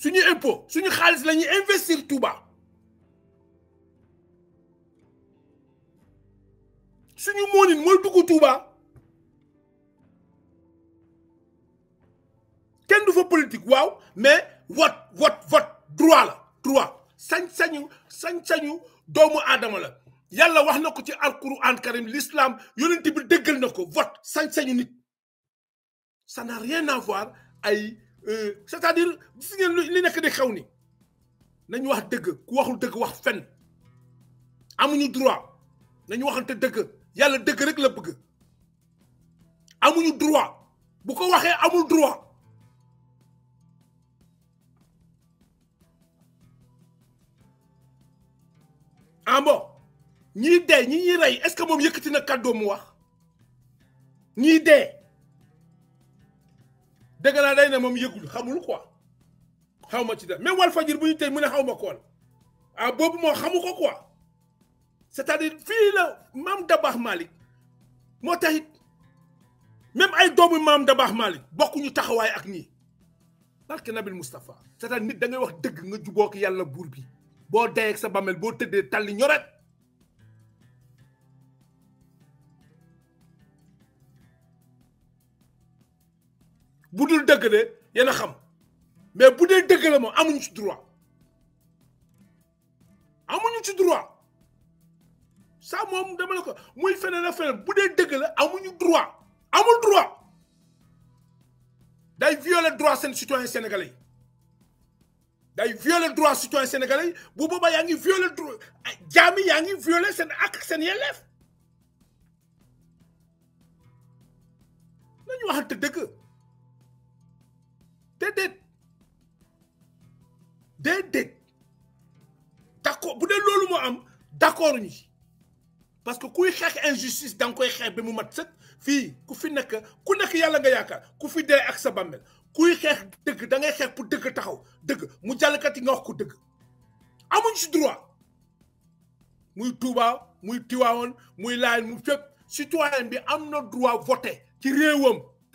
suñu impôt suñu xaalis la investir Touba suñu moonin mooy dugg Touba kenn du nouveau politique mais vote vote vote droit la droit sañ sañ-sañu doomu la Yalla wax kuti ci karim l'islam yonent bi deggal na vote sañ-sañu nit ça n'a rien à voir avec... Euh, c'est-à-dire gis ngeen li nekk di xew ni nañu wax dëgg ku waxul dëgg wax fen amuñu droit nañu waxante dëgg yàlla dëgg rek la bëgg amuñu droit bu ko waxee amul droit ah ñi ñii dee ñi ñuy rey est-ce que moom yëkkati na kàddoom mu wax ñii dee dëgg naa day ne moom yëgul xamul ko xaw ma ci dara mais wal fajir bu ñu tey mu ne xaw ma koon ah boobu moo xamu ko quoi c'est-à-dire fii la maam Dabakh Malick moo taxit même ay doomu maam Dabakh Malick bokkuñu taxawaay ak nii barke Nabil Moustapha c'est-à-dire nit da wax dëgg nga juboo ko yàlla buur bi boo dee sa bàmmeel boo tëddee tàlli ñoret bu dul dëgg de yéen a xam mais bu dee dëgg la moom amuñu ci droit amuñu ci droit ça moom dama la ko muy feneen ak feneen bu dee dëgg droit amul droit day violer droit seen citoyen sénégalais yi day violer droit citoyen sénégalais yi bu boobaa yaa ngi violer droit jaami yaa ngi violer seen ak seen yelleef nañu waxante dëgg déedéet déedéet d'accord bu dee loolu moo am d'accord ñu parce que kuy xeex injustice da nga koy xeex bi mu mat sëkk fii ku fi nekk ku nekk yàlla nga yaakaar ku fi dee ak sa bàmmeel kuy xeex dëgg da ngay xeex pour dëgg taxaw dëgg mu jàllkat yi nga wax ko dëgg amuñ si droit muy Touba muy Tiwaawoon muy Laayeen mu fépp citoyen bi am na droit voter ci réewam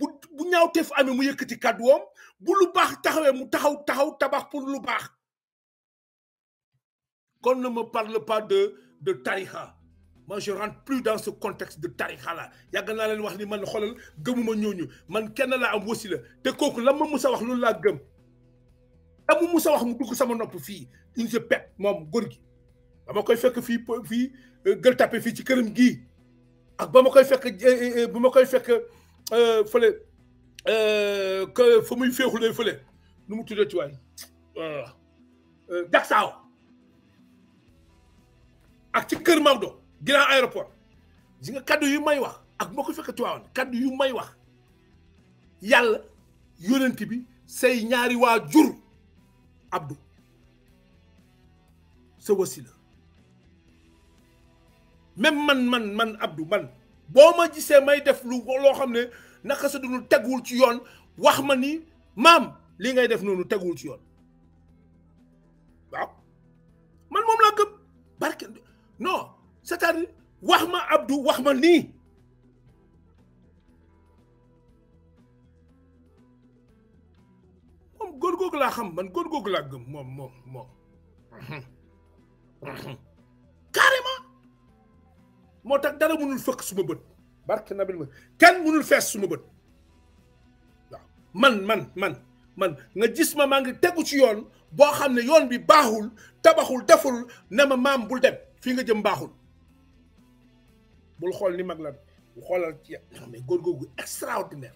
bu bu ñaawteef amee mu yëkkati kàdduwam bu lu baax taxawee mu taxaw taxaw tabax pour lu baax kon ne me parle pas de de tariha moi je rentre plus dans ce contexte de tarixa la yàgg naa leen wax ni man xoolal gëmuma ñooñu man kenn laa am wasi la te kooku la ma mus a wax loolu laa gëm amu mu a wax mu dugg sama nopp fii une se pet moom gor gi dama koy fekk fii fii euh, gël tapé fii ci këram gii ak ba ma koy fekk euh, euh, ba ma koy fekk Euh, fële euh, que fa muy féexulee fële nu mu tuddee ci waay euh, Jaksaaw ak ci Kër Maodo ginnaaw aéroport ji nga kàddu yu may wax ak moo ko fekk tuwaawoon kàddu yu may wax yàlla yonent bi say ñaari waa jur Abdou sa wasila même man man man Abdou man boo ma gisee may def lu loo xam ne naka sa dul teguwul ci yoon wax ma nii maam li ngay def noonu teguwul ci yoon waaw man moom laa gëm barke non c'est-à-dire wax ma Abdou wax ma nii moom góor googu laa xam man góor googu laa gëm moom moom moom moo tax dara mënul fëkk suma bët barke nabil ma kenn mënul fees suma bët waaw man man man man nga gis ma maa ngi tegu ci yoon boo xam ne yoon bi baaxul tabaxul deful ne ma maam bul dem fii nga jëm baaxul bul xool ni mag la xoolal ci mais góor googu extraordinaire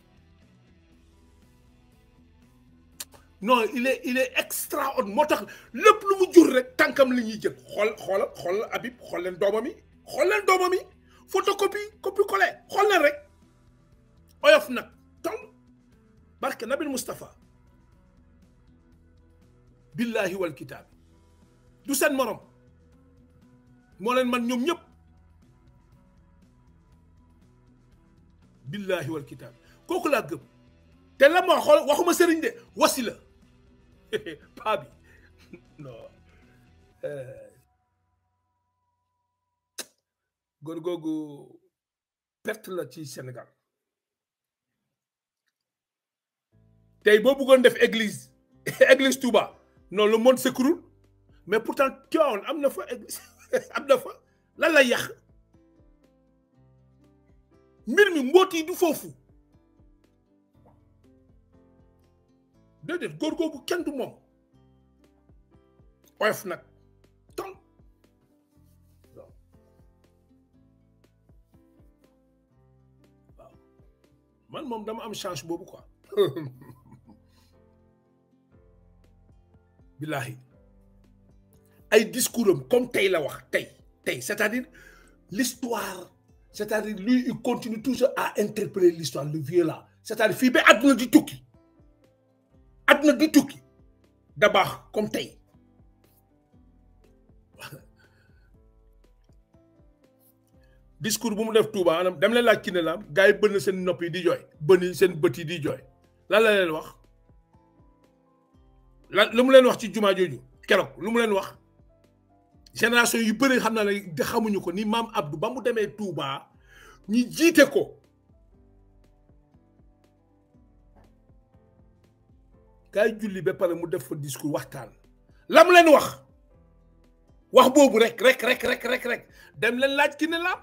noo il est il extraordinaire moo tax lépp lu mu jur rek tànkam li ñuy jël xool xoolal xoolal Habib xool leen doomam yi xool leen doomam yi photocopie copie collé xool leen rek oyof nag toll barke nabil Moustapha billahi wal kitab du seen morom moo leen man ñoom ñëpp billahi wal kitab kooku laa gëm te la ma xol waxuma sëriñ de wasi la paa bi non góor googu perte la ci Sénégal tey boo bëggoon def église église Touba non le monde s'écroule mais pourtant Tivaouane am na fa église am na fa lan lay yàq mbir mi mboot yi du foofu déedéet góor googu kenn du moom oyof nag. man mom dama am chance bobo quoi Bilahi. ay discours comme tey la wax tey tey c'est-à-dire l'histoire c'est-à-dire lui il continue toujours à interpréter l'histoire le vieux là c'est-à-dire fii a dit di touki. àdduna di tout da comme tey discours bu mu def Touba anam dem leen laaj ci ne laam gars yi bënn seen nopp yi di jooy bënn seen bët yi di jooy lan la leen wax lan lu mu leen wax ci jumaa jooju keroog lu mu leen wax génération yi bëri xam naa ne xamuñu ko ni maam Abdou ba mu demee Touba ñi jiite ko gars julli ba pare mu def fa discours waxtaan la mu leen wax wax boobu rek rek rek rek rek dem leen laaj ki ne laam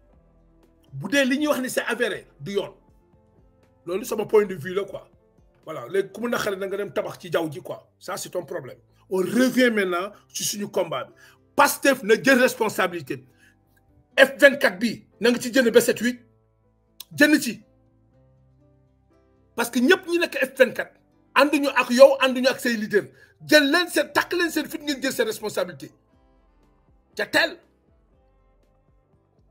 bu dee li ñuy wax ni c'est avéré du yoon point de vue quoi voilà les ku mu naqare nga dem quoi ça c'est ton problème on revient maintenant ci suñu combat bi Pastef na jël responsabilité F24 bi na nga ci jënd B78 jënd ci parce que ñëpp ñi nekk F24 ak yow ak say leader jël leen seen takk leen seen fit ngeen jël seen responsabilité ca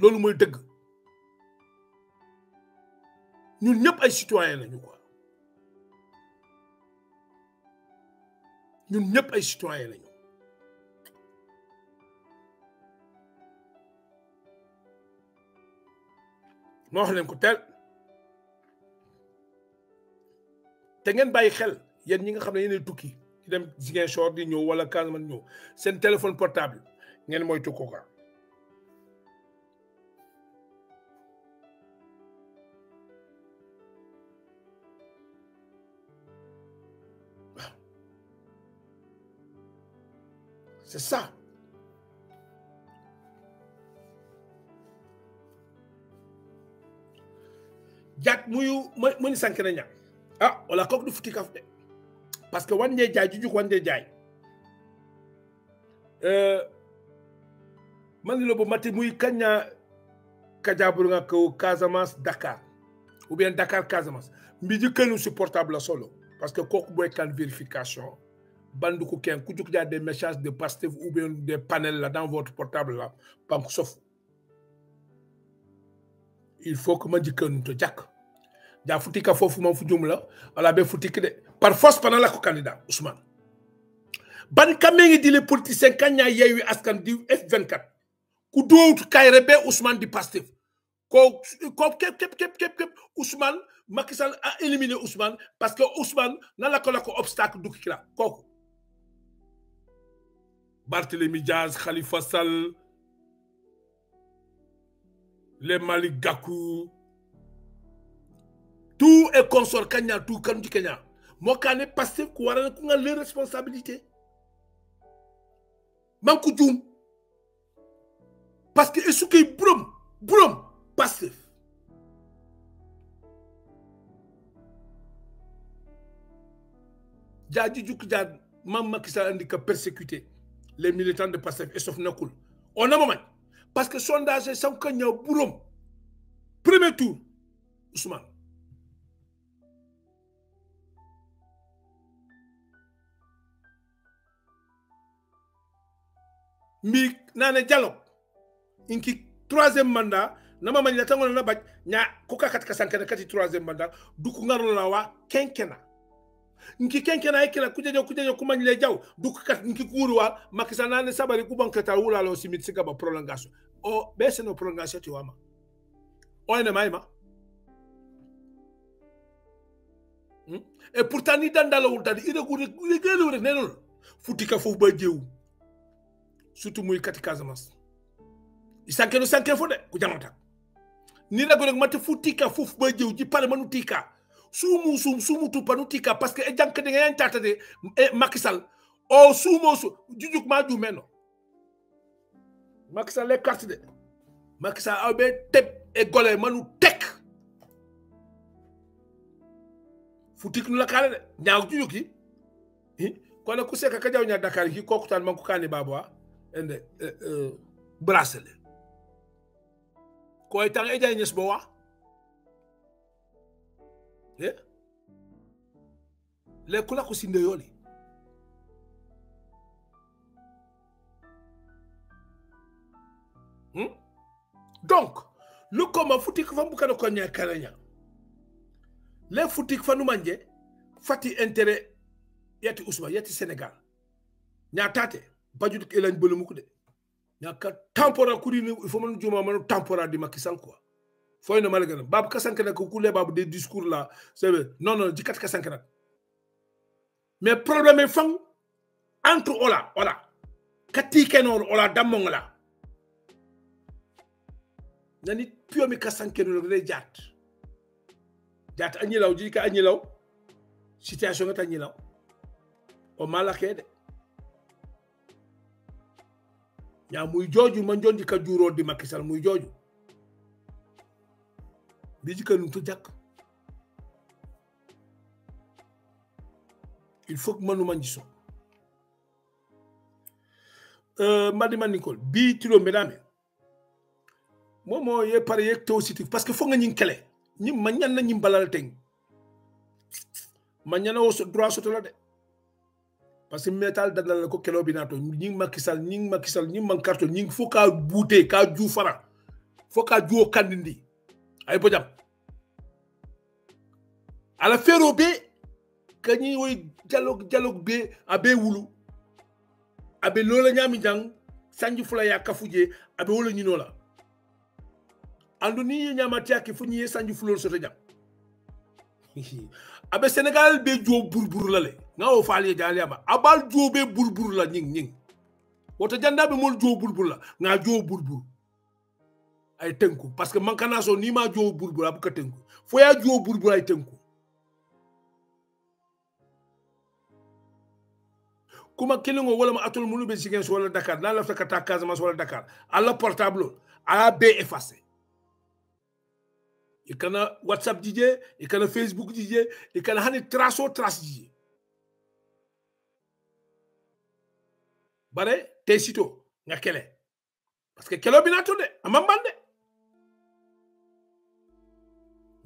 loolu mooy dëgg ñun ñëpp ay citoyen lañu quoi ñun ñëpp ay citoyen lañu ma wax leen ko teel te ngeen bàyyi xel yéen ñi nga xam ne yéenay tukki di dem Ziguinchor di ñëw wala Casamance ñëw seen téléphone portable ngeen mooy ko C'est ça. Jack muyu mani sankere ah wala kooku du futti kaf parce que wan dee jaay jujuk wan dee jaay euh, man lo bu mati muy kaña kajaburu nga ko Casamance Dakar ou bien Dakar Casamance mbi ji kënu supportable solo parce que kooku boy kan vérification bandukouken, koutouk y a des messages de Pastef ou bien des panels là dans votre portable là, Pankoussof. Il faut que ma dise que te jack. Dia fouti ka fofu man fudjum la, ala be fouti de par force pendant la candidat Ousmane. Ban kamengi di le politicien kanya yewi askan di F24. Ku dout kay rebe Ousmane di Pastef. Ko ko kep kep kep kep kep Ousmane a éliminé Ousmane parce que Ousmane nan la ko la ko obstacle du kila. Koku Barthélémy Diaz, Khalifa Sall, les Malik Gakou, tout est consort Kenya, tout comme du Kenya. Moi, quand est passé, qu'on a les responsabilités. suis Parce que Essouké, brum, brum, passif. Djadji Djouk j'ai Maman persécuté les militants de PASSEF et Nakul. On a moment. Parce que sondage, c'est un Premier tour, Ousmane. Mais nane dialogue. Inki troisième mandat. Nama mani natango na nabaj. Nya kuka troisième mandat. Dukungaru na wa quinquennat. nki kenke na ikela kujejo kujejo kuma nyile jaw duk nki kuruwa makisa nane sabari kuban kata wula lo simit siga ba prolongation o bese no prolongation ti wama o ene maima hmm? e pourtant ni dandala wul tadi ire gure gure gele wure nenol futika fofu ba jewu surtout muy kati casamance isankeno sanke fo de ku jangotak ni ragorek mate futika fofu ba jewu ji pare sumu tu panu tika panutika que jank de ngayen tata de e makisal o oh, sumo su jujuk ma djou meno makisal le carte de makisal awɓe tep e golé manu tek la lakale de ñaago jujuki kono kuseka ka jawña dakar ki kokutan manko kani babwa, ende brasselé ko tan e, e, e bo wa eh? lekula kusinde yoli hmm? donc lukoma futik fa mbukana ko ñakaranya le futik nous manger. fati intérêt yati usma yati sénégal ñatate bajut elan bolu mukude ñaka temporaire kuri il faut man juma man temporaire de Macky quoi foi no que babu des discours là c'est non non 5 kasankana mais problème est fang entre ola ola kati kenor ola damongola nani dit. kasankana re jat jat jika law situation ngata o malake de ya muy joju man jondi ka juro di makissal muy nous Il faut que moi nous euh, manions. Madame Nicole, bi mesdames. Moi, je parie que aussi parce que faut que nous nous manyan ni balal Nous nous droit parce que métal da la ko kelo ñi nous ñi nous ka bouté ka fara faut ka nous kandindi ay jam ala fero be kanyi woy dialogue dialogue be abe wulu abe lola nyami jang sanju fula ya kafuje abe wolo nyino la andu ni nyamati yake funyi sanju fula so jang abe senegal be jo burbur la le nga o faali ba ama abal jo be burbur la nying nying woto janda be mol jo burbur la nga jo burbur ay tënku parce que man kana so ni ma burbura buka tënku je ya burbura ay kuma kilingo je ma atul munu be sigen so wala dakar na kata casamance wala dakar ala portable ala be effacé e kana whatsapp dj Je kana facebook dj e kana hani trace trace dj bare te sito parce que kelo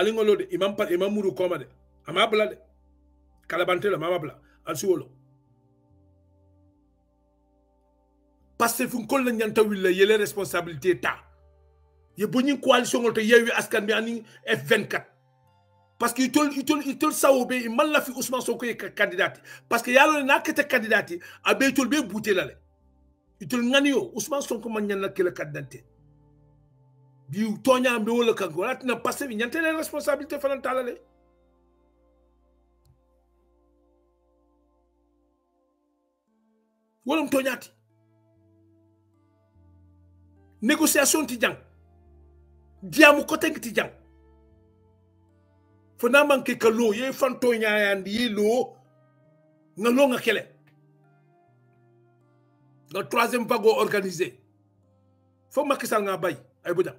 aliŋolo de imam pat imam muru koma de ama de kalabante la parce nyanta yele responsabilité ta ye coalition te yewi askan bi F24 parce que itol itol itol la fi Ousmane Sonko ye candidat parce que yalo na kete candidat abe itol be bouté le itol ngani yo Ousmane Sonko man nyanna candidat biu toñam be wala kanko latina passé bi ñanté len responsabilité fanan talalé wolum toñati négociation ti jang diamu côté ti jang fana manke ka lo ye fan toña yandi ye lo na lo nga kele nga troisième vague organisé fo makissal nga bay ay bu jang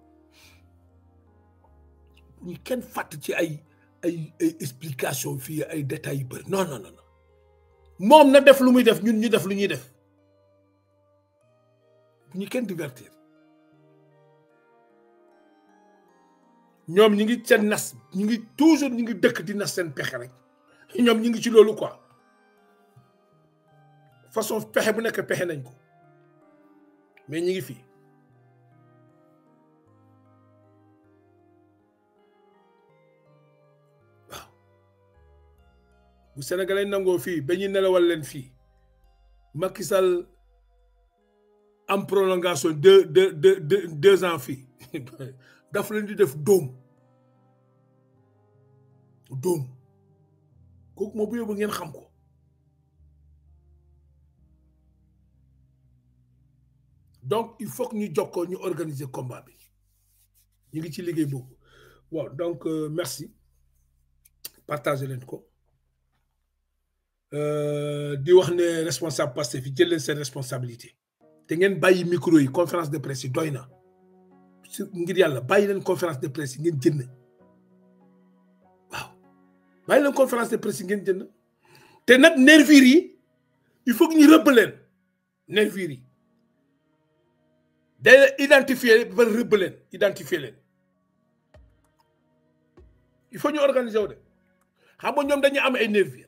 ñu kenn fàtt ci ay ay ay explication fii ay détails yu bëri non non non moom na def lu muy def ñun ñu def lu ñuy def ñu kenn divertir ñoom ñu ngi seen nas ñu ngi toujours ñu ngi dëkk di nas seen pexe rek ñoom ñu ngi ci loolu quoi façon pexe bu nekk pexe nañ ko mais ñu ngi fii bu sénégalais nango fi ba ñu nelawal leen fi Macky Sall prolongation deux deux de deux ans daf def dom. bu ngeen xam ko donc il faut que nous organisions ñu organiser combat bi ñi ngi ci donc euh, merci partagez les euh, di wax responsable Pastef de jël responsabilités. seen responsabilité te micro yi conférence de presse doyna. doy ngir conférence de presse vous ngeen jënd waaw bàyyi conférence de presse vous ngeen te nak nervir yi il faut que ñu rëbb leen nervir yi day identifier identifier len. il faut ñu organiser wu de xam nga ñom dañu am ay nervir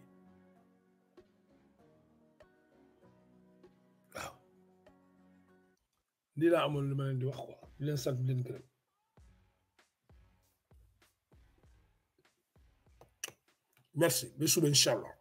دي لا عمل لما عندي وخوة اللي انساك بلينجرين نفسي بيشو الله